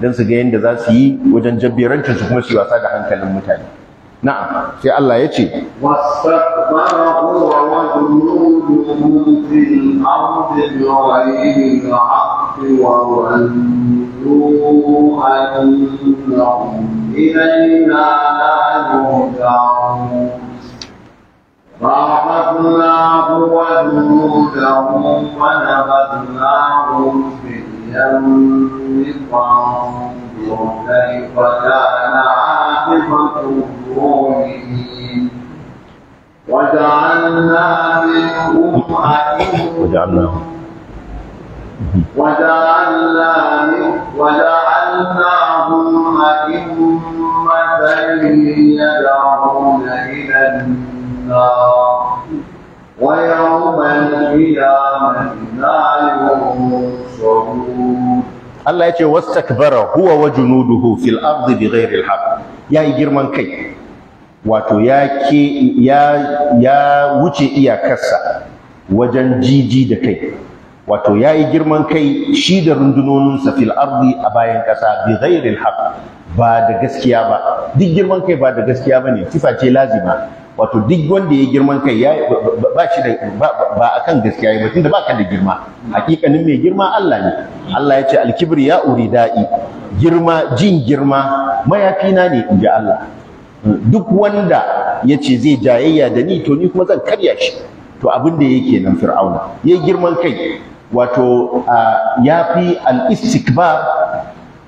don su ga yadda za su yi wajen jabberancin su kuma su wasa da hankalin mutane na'am sai Allah ya ce إلينا لا يرجعون فأخذناه وجنوده ونبذناهم في اليم فانظر كيف كان عاقبة وجعلنا منهم أئمة وجعلناهم وجعلنا وجعلناهم أئمة يدعون إلى ويوم القيامة لا ينصرون Allah ya ce wastakbara huwa wa junuduhu fil ardi bighairi al-haq yi girman kai wato ya ke ya wuce iyakarsa wajen jiji da kai wato ya yi girman kai shi da rundunoninsa fil ardi a bayan kasa bighairi al ba da gaskiya ba duk girman kai ba da gaskiya bane sifa ce lazima wato duk wanda ya girman kai ya ba shi da ba kan gaskiya ba tunda baka da girma hakikanin mai girma Allah ne Allah ya ce alkibri ya uri da'i girma jin girma mayafina ne in Allah duk wanda ya ce zai jayayya da ni to ni kuma zan karya shi to abin da yake nan fir'auna ya girman kai wato ya fi al-istikbar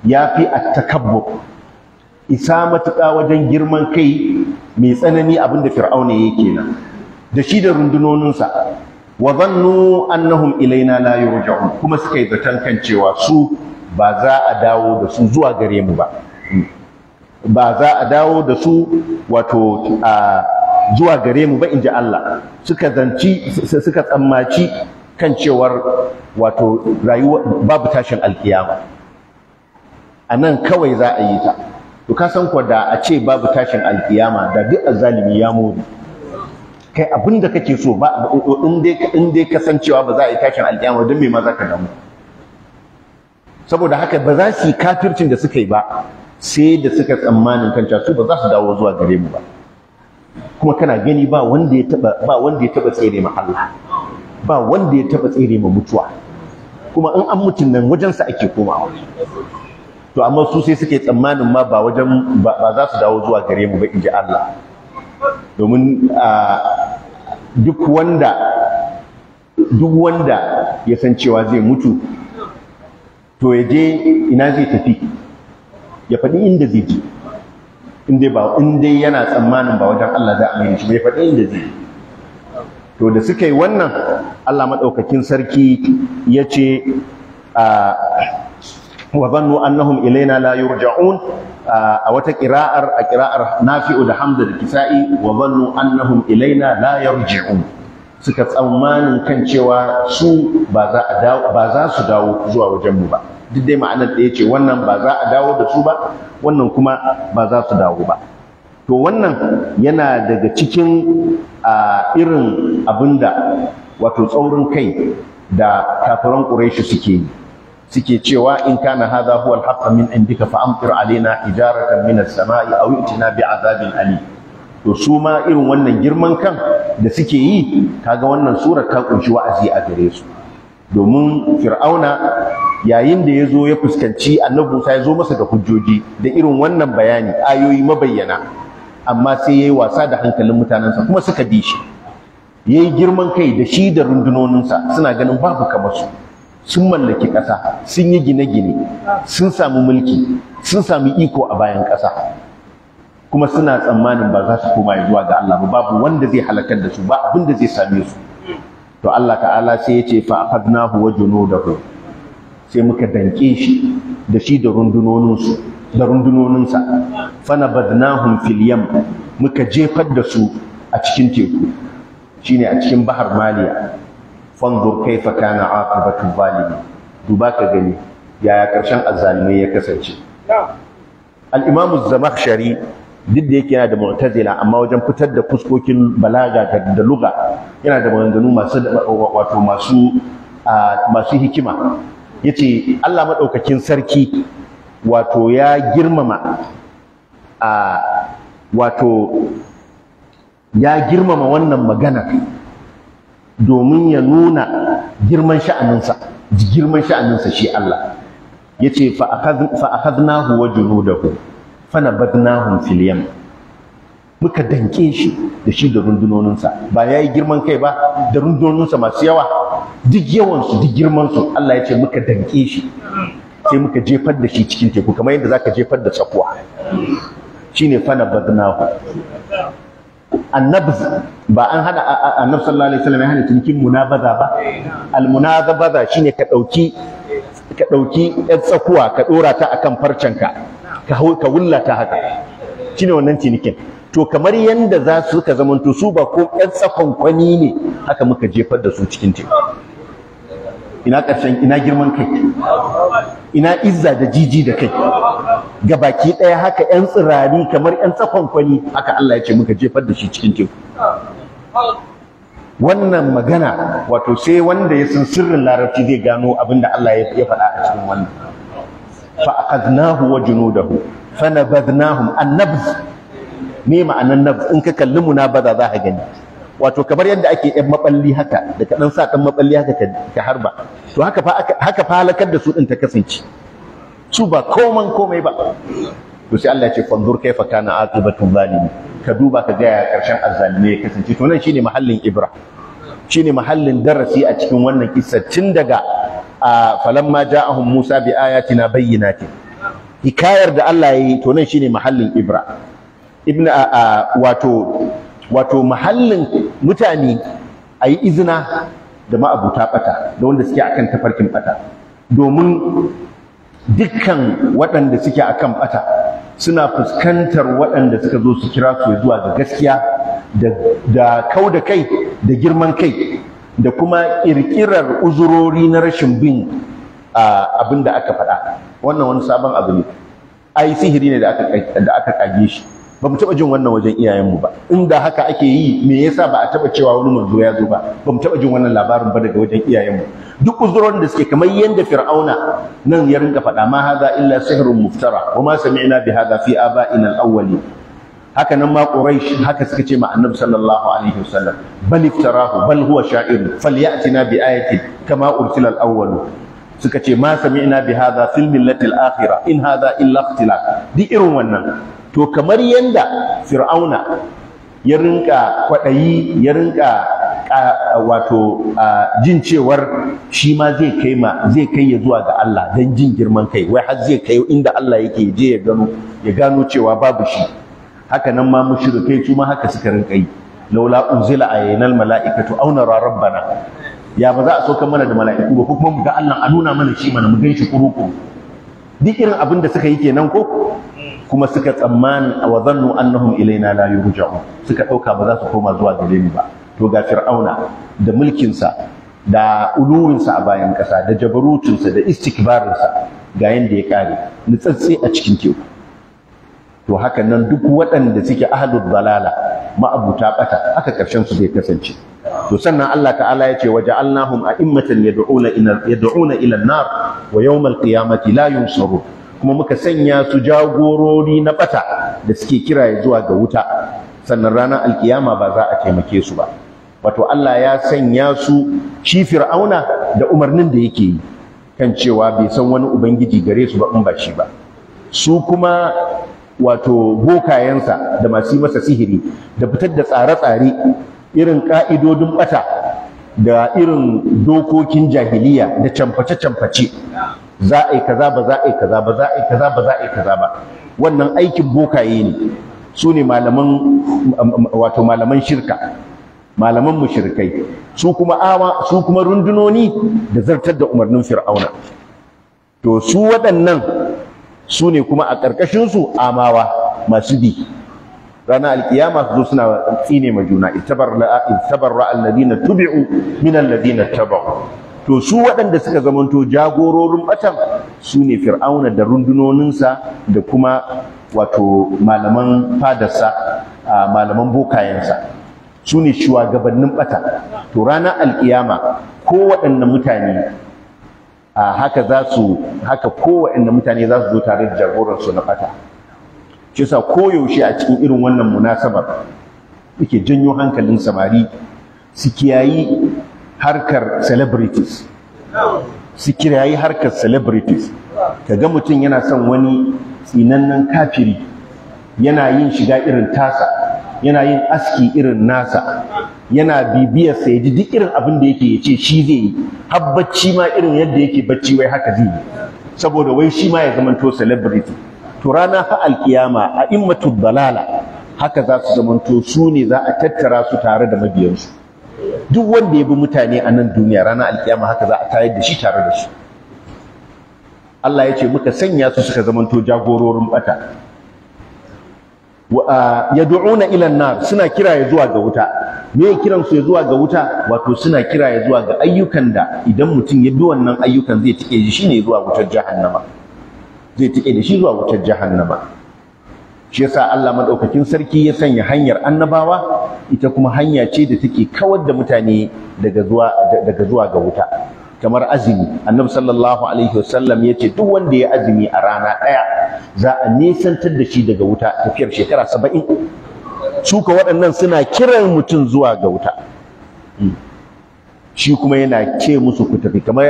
ya fi at-takabbur isa matuƙa wajen girman kai mai tsanani abinda da fir'auna ke nan da shi da rundunoninsa wa zannu annahum ilaina la yurja'un kuma suka yi zaton kan cewa su ba za a dawo da su zuwa gare mu ba ba za a dawo da su wato a zuwa gare mu ba in ji Allah suka zanci suka tsammaci kan cewar wato rayuwa babu tashin alkiyama a nan kawai za a yi ta to ka san ko da a ce babu tashin alkiyama da duk azzalimi ya more kai abin da kake so ba in dai in dai kasancewa ba za a yi tashin alkiyama don me ma za ka damu saboda haka ba za su yi kafircin da suka yi ba sai da suka tsammanin kanta su ba za su dawo zuwa gare mu ba kuma kana gani ba wanda ya taba tsere ma Allah ba wanda ya taba tsere ma mutuwa kuma in an mutun nan wajensa ake komawa to amma su sai suke tsammanin ma ba wajen ba za su dawo zuwa gare mu ba in ji Allah domin duk wanda duk wanda ya san cewa zai mutu to ya je ina zai tafi ya faɗi inda zai je in dai ba inda yana tsammanin ba wajen Allah za a shi ba ya faɗi inda zai to da suka yi wannan Allah maɗaukakin sarki ya ce a wa zannu annahum ilaina la yurja'un a wata qira'ar a qira'ar Nafi'u da Hamza da Kisa'i wa zannu annahum ilaina la yarji'un suka tsammanin kan cewa su ba za a dawo ba za su dawo zuwa wajen mu ba duk dai ma'anar da yace wannan ba za a dawo da su ba wannan kuma ba za su dawo ba to wannan yana daga cikin irin abinda wato tsaurin kai da kafiran Quraysh suke yi suke cewa in kana hadha huwa al-haqq min indika fa amtir alaina hijaratan min as-sama'i aw itina azabin ali to su ma irin wannan girman kan da suke yi kaga wannan sura ta kunshi wa'azi a gare su domin fir'auna yayin da ya zo ya fuskanci annabi Musa ya zo masa da hujjoji da irin wannan bayani ayoyi mabayyana amma sai yayi wasa da hankalin mutanensa kuma suka bi shi yayi girman kai da shi da rundunoninsa suna ganin babu kamar su sun mallaki ƙasa sun yi gine-gine sun sami mulki sun sami iko a bayan ƙasa kuma suna tsammanin ba za su koma zuwa ga Allah ba babu wanda zai halakar da su ba abin da zai same su to Allah ta'ala sai ya ce fa aqadnahu wa junudahu sai muka danke shi da shi da rundunonin su da rundunoninsa fanabadnahum fil yam muka jefar da su a cikin teku shine a cikin bahar maliya fanzur kaifa kana aqibatu zalimi duba ka gani yaya karshen azzalimai ya kasance al imamu az-zamakhshari duk da yake yana da mu'tazila amma wajen fitar da fuskokin balaga da luga yana da maganganu masu wato masu masu hikima yace Allah madaukakin sarki wato ya girmama a wato ya girmama wannan magana domin ya nuna girman sha'aninsa girman sha'aninsa shi Allah yace fa akhadnahu wa junudahu fanabadnahum fil yam muka danke shi da shi da rundunoninsa ba yayi girman kai ba da rundunoninsa masu yawa duk yawansu duk girmansu Allah ya ce muka danke shi sai muka jefar da shi cikin teku kamar yadda zaka jefar da tsakuwa shine fanabadnahu annabz ba an hana annab sallallahu alaihi wasallam ya hada cinikin munabaza ba almunabaza shine ka dauki ka dauki yar tsakuwa ka dora ta akan farcenka ka ka wullata haka shine wannan cinikin to kamar yanda za su ka zamanto su ba ko yar tsakon kwani ne haka muka jefar da su cikin teku ina ƙarshen ina girman kai ina izza da jiji da kai ga baki ɗaya haka ƴan tsirari kamar ƴan tsakonkwani haka Allah ya ce muka jefar da shi cikin teku wannan magana wato sai wanda ya san sirrin larabci zai gano abin da Allah ya faɗa a cikin wannan fa aqadnahu wa junudahu fanabadnahum annabz me ma'anan nabz in ka kalli baza za ka gani wato kamar yadda ake yan maballi haka da ka dan sa dan maballi haka ka harba to haka fa haka falakar da su din ta kasance su ba koman komai ba to sai Allah ya ce fanzur kaifa kana aqibatu zalim ka duba ka ga ya karshen azzalimi ya kasance to nan shine mahallin ibra shine mahallin darasi a cikin wannan kissa tun daga falamma ja'ahum Musa bi ayatina bayyinati hikayar da Allah ya yi to nan shine mahallin ibra ibn wato wato mahallin mutane a yi izina da ma'abuta bata da wanda suke akan tafarkin bata domin dukkan waɗanda suke a kan bata suna fuskantar waɗanda suka zo su kira su zuwa ga gaskiya da kau da kai da girman kai da kuma ƙirƙirar uzurori na rashin bin abin da aka faɗa wannan wani sabon abu ne ai sihiri ne da aka ƙage shi ba mu taɓa jin wannan wajen iyayenmu ba inda haka ake yi me yasa ba a taɓa cewa wani manzo ya zo ba ba mu taɓa jin wannan labarin ba daga wajen iyayenmu duk uzurorin da suke kamar yadda fir'auna nan ya rinka faɗa ma haza illa sihrun muftara wa ma sami'na bi haza fi aba'ina al-awwali haka nan ma quraish haka suka ce ma annabi sallallahu alaihi wasallam bal iftarahu bal huwa sha'ir falyatina bi ayatin kama ursila al-awwal suka ce ma sami'na bi haza fil millati al-akhirah in haza illa ikhtilaq di irin wannan to kamar yadda fir'auna ya rinka kwaɗayi ya rinka wato jin cewar shi ma zai kai ma zai kai ya zuwa ga Allah don jin girman kai wai har zai kai inda Allah yake je ya gano cewa babu shi haka nan ma mushrikai su ma haka suka rinka yi laula unzila ayyanal mala'ikatu auna nara rabbana ya ba za a sauka mana da mala'iku ba ko kuma mu ga Allah a nuna mana shi mana mu gan shi kurukuru duk irin abin da suka yi kenan ko kuma suka tsammanin a zannu annahum ilaina la yurja'un suka ɗauka ba za su koma zuwa gare ba to ga fir'auna da mulkinsa da uluwinsa a bayan ƙasa da jabarutunsa da istikbarinsa ga yanda ya kare nutsatse a cikin teku to hakan nan duk waɗanda suke ahlul balala ma'abuta ɓata aka ƙarshen su zai kasance to sannan Allah ta'ala ya ce waje allahun a'immatan yad'una ila yad'una ila an-nar wa yawm al-qiyamati la yunsarun kuma muka sanya su jagorori na bata da suke kira zuwa ga wuta sannan ranar alkiyama ba za a taimake su ba wato Allah ya sanya su shi fir'auna da umarnin da yake yi kan cewa bai san wani ubangiji gare su ba in ba shi ba su kuma wato bokayensa da masu masa sihiri da fitar da tsare-tsare irin ka'idodin bata da irin dokokin jahiliya da camface-camface za a yi kaza ba za a yi kaza ba za a yi kaza ba za a yi kaza ba wannan aikin bokaye ne su ne malaman wato malaman shirka malaman mushrikai su kuma awa su kuma rundunoni da zartar da umarnin fir'auna to su waɗannan su ne kuma a ƙarƙashin su amawa masu bi ranar alkiyama su zo suna tsine ma juna ittabarra alladhina tubi'u min to su waɗanda suka zamanto jagororin batan su ne fir'auna da rundunoninsa da kuma wato malaman fadarsa a malaman bokayensa su ne shugabannin bata to ranar alkiyama ko waɗanda mutane a haka za su haka mutane za su zo tare da jagoransu na bata ce sa koyaushe a cikin irin wannan munasabar ke janyo hankalin samari su kiyayi harkar celebrities su kirayi harkar celebrities ga mutum yana son wani tsinannen kafiri yana yin shiga irin tasa yana yin aski irin nasa yana bibiyar sa ya ji duk irin abin da yake ya ce shi zai yi har bacci ma irin yadda yake bacci wai haka zai yi saboda wai shi ma ya zamanto celebrity to rana fa alkiyama a immatu dalala haka za su zamanto su ne za a tattara su tare da mabiyansu duk wanda ya bi mutane a nan duniya ranar alkiyama haka za a tayar da shi tare da su Allah ya ce muka sanya su suka zamanto jagororin bata yad'una ila nar suna kira ya zuwa ga wuta me kiran su ya zuwa ga wuta wato suna kira ya zuwa ga ayyukan da idan mutum ya bi wannan ayyukan zai tike shi ne zuwa wutar jahannama zai tike da shi zuwa wutar jahannama shi yasa Allah madaukakin sarki ya sanya hanyar annabawa ita kuma hanya ce da take kawar da mutane daga zuwa daga zuwa ga wuta kamar azumi annabi sallallahu alaihi wasallam ya ce duk wanda ya azumi a rana ɗaya za a nisantar da shi daga wuta tafiyar shekara saba'in suka waɗannan suna kiran mutum zuwa ga wuta hmm. shi kuma yana ce musu ku tafi kamar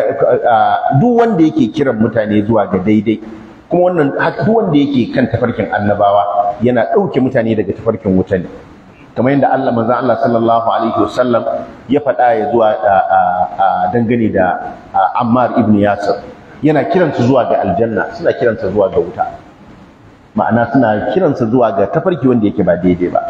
duk wanda yake kiran mutane zuwa ga daidai kuma wannan duk wanda yake kan tafarkin annabawa yana ɗauke mutane daga tafarkin wuta ne kamar yadda Allah manzon Allah sallallahu alaihi wasallam ya faɗa ya zuwa dangane da Ammar ibn Yasir yana kiransa zuwa ga aljanna suna kiransa zuwa ga wuta ma'ana suna kiransa zuwa ga tafarki wanda yake ba daidai ba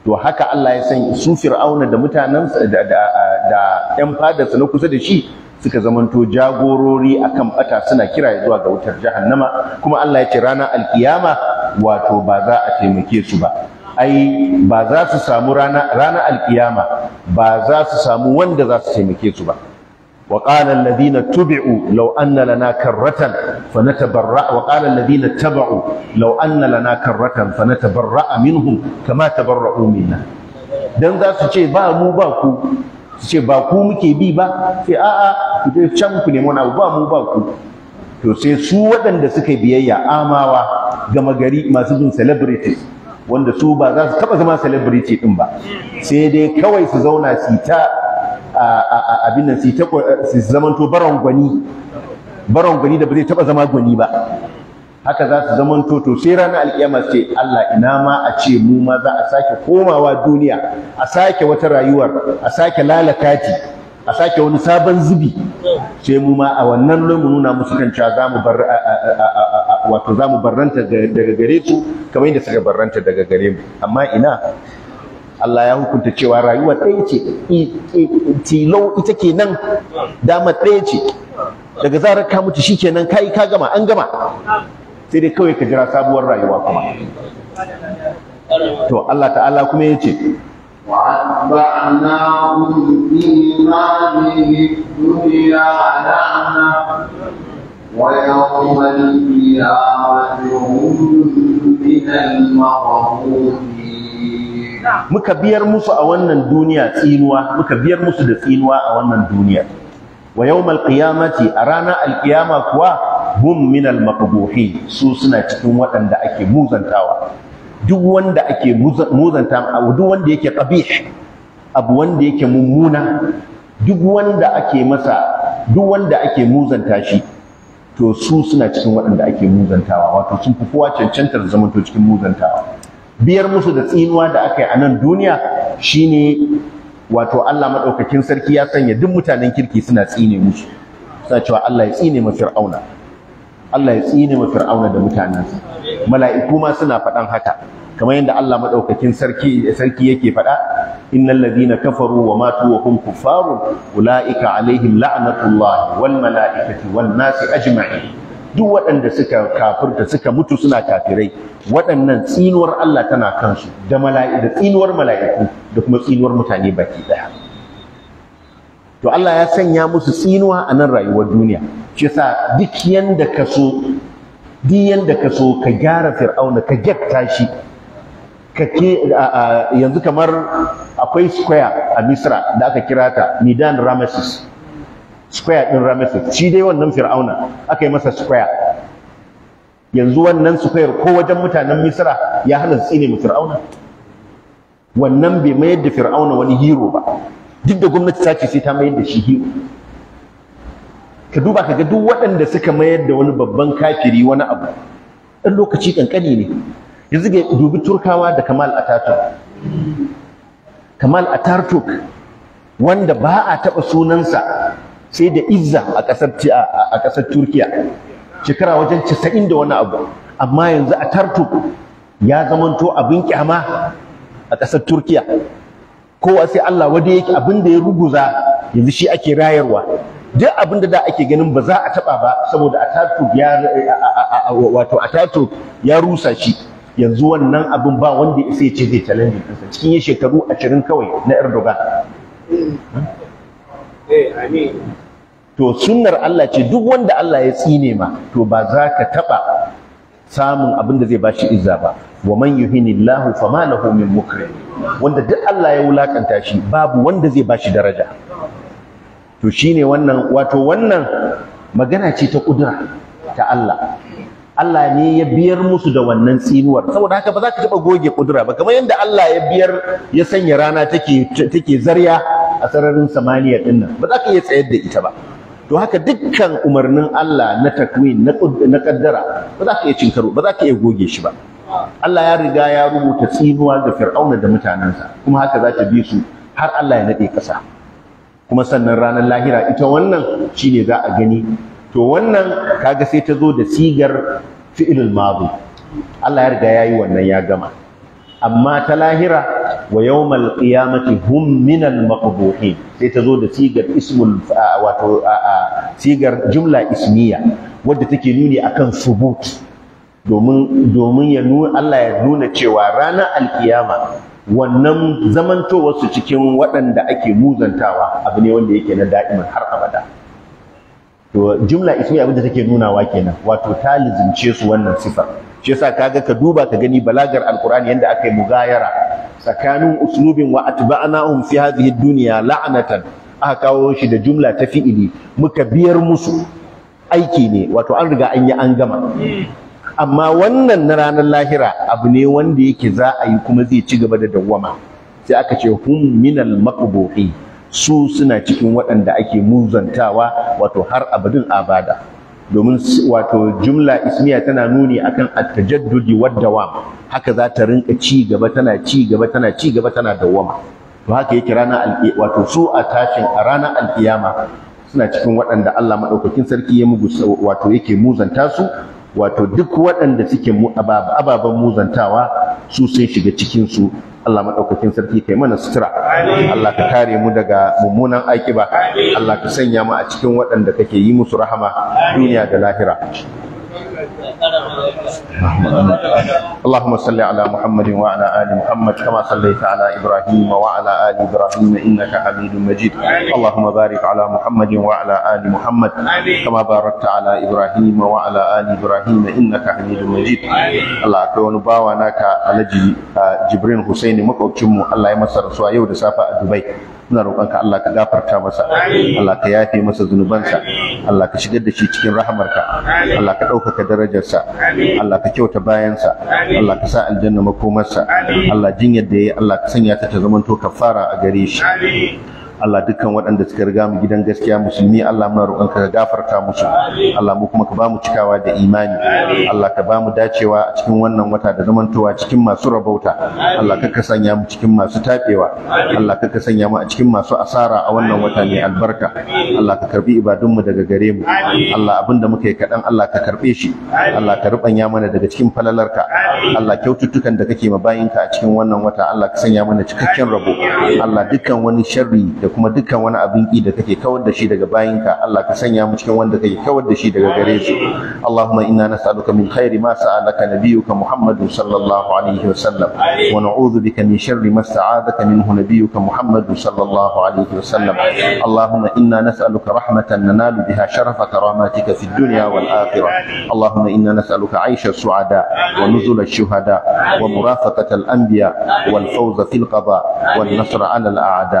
to haka Allah ya san su fir'auna da mutanen da da ƴan fadarsa na kusa da shi suka zamanto jagorori akan bata suna kira ya zuwa ga wutar jahannama kuma Allah ya ce ranar alkiyama wato ba za a taimake su ba ai ba za su samu rana rana alkiyama ba za su samu wanda za su taimake su ba wa qala alladhina tubi'u law anna lana karratan fanatabarra wa qala alladhina taba'u law anna lana karratan fanatabarra minhum kama tabarra'u minna dan za su ce ba mu ba ku su ce ba ku muke bi ba sai a'a ku can ku nemi wani abu ba mu ba ku to sai su waɗanda suka biyayya amawa gama gari masu bin celebrities wanda su ba za su taba zama celebrity din ba sai dai kawai su zauna su ta abin nan su ta su baron gwani baron gwani da ba zai taba zama gwani ba haka za su zamanto to sai ranar alkiyama ce Allah ina ma a ce mu ma za a sake komawa duniya a sake wata rayuwar a sake lalakati a sake wani sabon zubi sai mu ma a wannan mu nuna musu kan za mu bar wato za mu barranta daga gare ku kamar yadda suka barranta daga gare mu amma ina Allah ya hukunta cewa rayuwa ɗaya ce tilau ita ke nan dama ɗaya ce daga zarar ka mutu shi kenan kayi ka gama an gama sai dai kawai ka jira sabuwar rayuwa kuma to Allah ta'ala kuma ya ce وأتبعناهم muka biyar musu a wannan duniya tsinuwa muka biyar musu da tsinuwa a wannan duniya wa yawmal qiyamati a ranar alqiyama kuwa hum minal maqbuhin su suna cikin waɗanda ake muzantawa duk wanda ake muzanta duk wanda yake qabih abu wanda yake mummuna duk wanda ake masa duk wanda ake muzanta shi to su suna cikin waɗanda ake muzantawa wato sun fi kowa cancantar zamanto cikin muzantawa biyar musu da tsinuwa da aka yi a nan duniya shine wato Allah maɗaukakin sarki ya sanya duk mutanen kirki suna tsine musu suna cewa Allah ya tsine ma fir'auna Allah ya tsine ma fir'auna da mutanensa mala'iku ma suna faɗan haka kamar yadda Allah madaukakin sarki sarki yake faɗa innal ladina kafaru wa matu wa hum kuffarun ulaika alaihim la'natullah wal malaikati wan nasi ajma'in duk waɗanda suka kafirta suka mutu suna kafirai waɗannan tsinuwar Allah tana kansu da da tsinuwar mala'iku da kuma tsinuwar mutane baki daya to Allah ya sanya musu tsinuwa a nan rayuwar duniya shi yasa duk yanda ka so duk yanda ka so ka gyara fir'auna ka gyatta shi kake yanzu kamar akwai square a misra da aka kira ta midan rameses square din rameses shi dai wannan fir'auna aka yi masa square yanzu wannan square ko wajen mutanen misra ya hana tsine mu fir'auna wannan bai mayar da fir'auna wani hero ba duk da gwamnati ta ce sai ta mayar da shi hero ka duba ka ga duk waɗanda suka mayar da wani babban kafiri wani abu ɗan lokaci ƙanƙani ne yanzu ga dubi turkawa da kamal ataturk kamal ataturk wanda ba a taɓa sunansa sai da izza a ƙasar a ƙasar turkiya shekara wajen casa'in da wani abu amma yanzu atartuk ya zamanto abin kyama a ƙasar turkiya kowa sai Allah wadda yake abin da ya ruguza yanzu shi ake rayarwa duk abin da da ake ganin ba za a taɓa ba saboda a ya ya rusa shi yanzu wannan abin ba wanda ya sai ce zai challenge ɗinsa cikin yin shekaru ashirin kawai na Erdogan. Eh, to sunnar Allah ce duk wanda Allah ya tsine ma to ba za ka taɓa samun abin da zai ba shi izza ba wa man fa fama lahu min mukrim wanda duk Allah ya wulakanta shi babu wanda zai ba shi daraja to shine wannan wato wannan magana ce ta kudura ta Allah Allah ne ya biyar musu da wannan tsinuwar saboda haka ba za ka taɓa goge kudura ba kamar yadda Allah ya biyar ya sanya rana take take zarya a sararin samaniya din nan ba za ka iya tsayar da ita ba to haka dukkan umarnin Allah na takwin na na kaddara ba za ka iya cinkaro ba za ka iya goge shi ba Allah ya riga ya rubuta tsinuwa ga Fir'auna da mutanensa kuma haka za ta bi su har Allah ya nade ƙasa kuma sannan ranar lahira ita wannan shine za a gani to wannan kaga sai ta zo da sigar fi'ilul madi Allah ya riga yayi wannan ya gama amma ta lahira wa yawmal qiyamati hum minal maqbuhin sai ta zo da sigar ismul wato sigar jumla ismiya wadda take nuni akan subut domin domin ya nuna Allah ya nuna cewa ranar alkiyama wannan zamantowarsu cikin waɗanda ake muzantawa abu ne wanda yake na da'iman har abada to jumla ismiya abinda take nunawa kenan wato ta lizince su wannan sifa shi yasa kaga ka duba ka gani balagar alqur'ani yanda aka yi mugayara tsakanin uslubin wa atba'nahum fi hadhihi dunya la'natan aka kawo shi da jumla ta fi'ili muka biyar musu aiki ne wato an riga an yi an gama amma wannan na ranar lahira abu ne wanda yake za a yi kuma zai ci gaba da dawwama sai aka ce hum minal maqbuhi su suna cikin waɗanda ake muzantawa wato har abadin abada domin wato jumla ismiya tana nuni akan at-tajaddudi wa haka za ta rinka ci gaba tana ci gaba tana ci gaba tana dawama to haka yake ranar wato su a tashin a ranar alkiyama suna cikin waɗanda Allah madaukakin sarki ya mugu wato yake muzanta su wato duk waɗanda suke ababen muzantawa su sun shiga cikinsu Allah maɗaukakin sarki kai mana sutura Allah ka kare mu daga mummunan akiba Allah ka sanya mu a cikin waɗanda kake yi musu rahama duniya da lahira اللهم صل على محمد وعلى ال محمد كما صليت على ابراهيم وعلى ال ابراهيم انك حميد مجيد اللهم بارك على محمد وعلى ال محمد كما باركت على ابراهيم وعلى ال ابراهيم انك حميد مجيد الله akwai wani bawa naka alhaji jibrin husaini makwabcinmu allah ya masa rasuwa yau da safa a dubai muna ka Allah ka gafarta masa Allah ka yafe masa zunubansa Allah ka shigar da shi cikin rahamarka Allah ka ɗaukaka darajarsa Allah ka kyauta bayansa Allah ka sa aljanna makomarsa Allah jinyar da ya yi Allah ka sanya ta ta zamanto kafara a gare shi Allah dukkan waɗanda suka riga mu gidan gaskiya musulmi Allah muna roƙon ka gafarta musu Allah mu kuma ka bamu cikawa da imani Allah ka bamu dacewa a cikin wannan wata da zamantowa cikin masu rabauta Allah ka sanya mu cikin masu tafewa. Allah ka sanya mu a cikin masu asara a wannan wata mai albarka Allah ka karbi ibadun mu daga gare mu Allah abinda muka yi kaɗan Allah ka karbe shi Allah ka rubanya mana daga cikin falalarka Allah kyaututtukan da kake ma bayinka a cikin wannan wata Allah ka sanya mana cikakken rabo Allah dukkan wani sharri da kuma dukkan wani abin ki da kake kawar da shi daga bayinka Allah ka sanya mu cikin wanda kake kawar da shi daga gare su Allahumma inna nas'aluka min khairi ma sa'alaka nabiyyuka Muhammad sallallahu alaihi wasallam wa na'udhu bika min sharri ma sta'adaka minhu nabiyyuka Muhammad sallallahu alaihi wasallam Allahumma inna nas'aluka rahmatan nanalu biha sharafa karamatika fid dunya wal akhirah Allahumma inna nas'aluka 'aysha as-su'ada wa nuzula ash-shuhada wa murafaqata al-anbiya wal fawza fil qada wal nasra 'ala al-a'da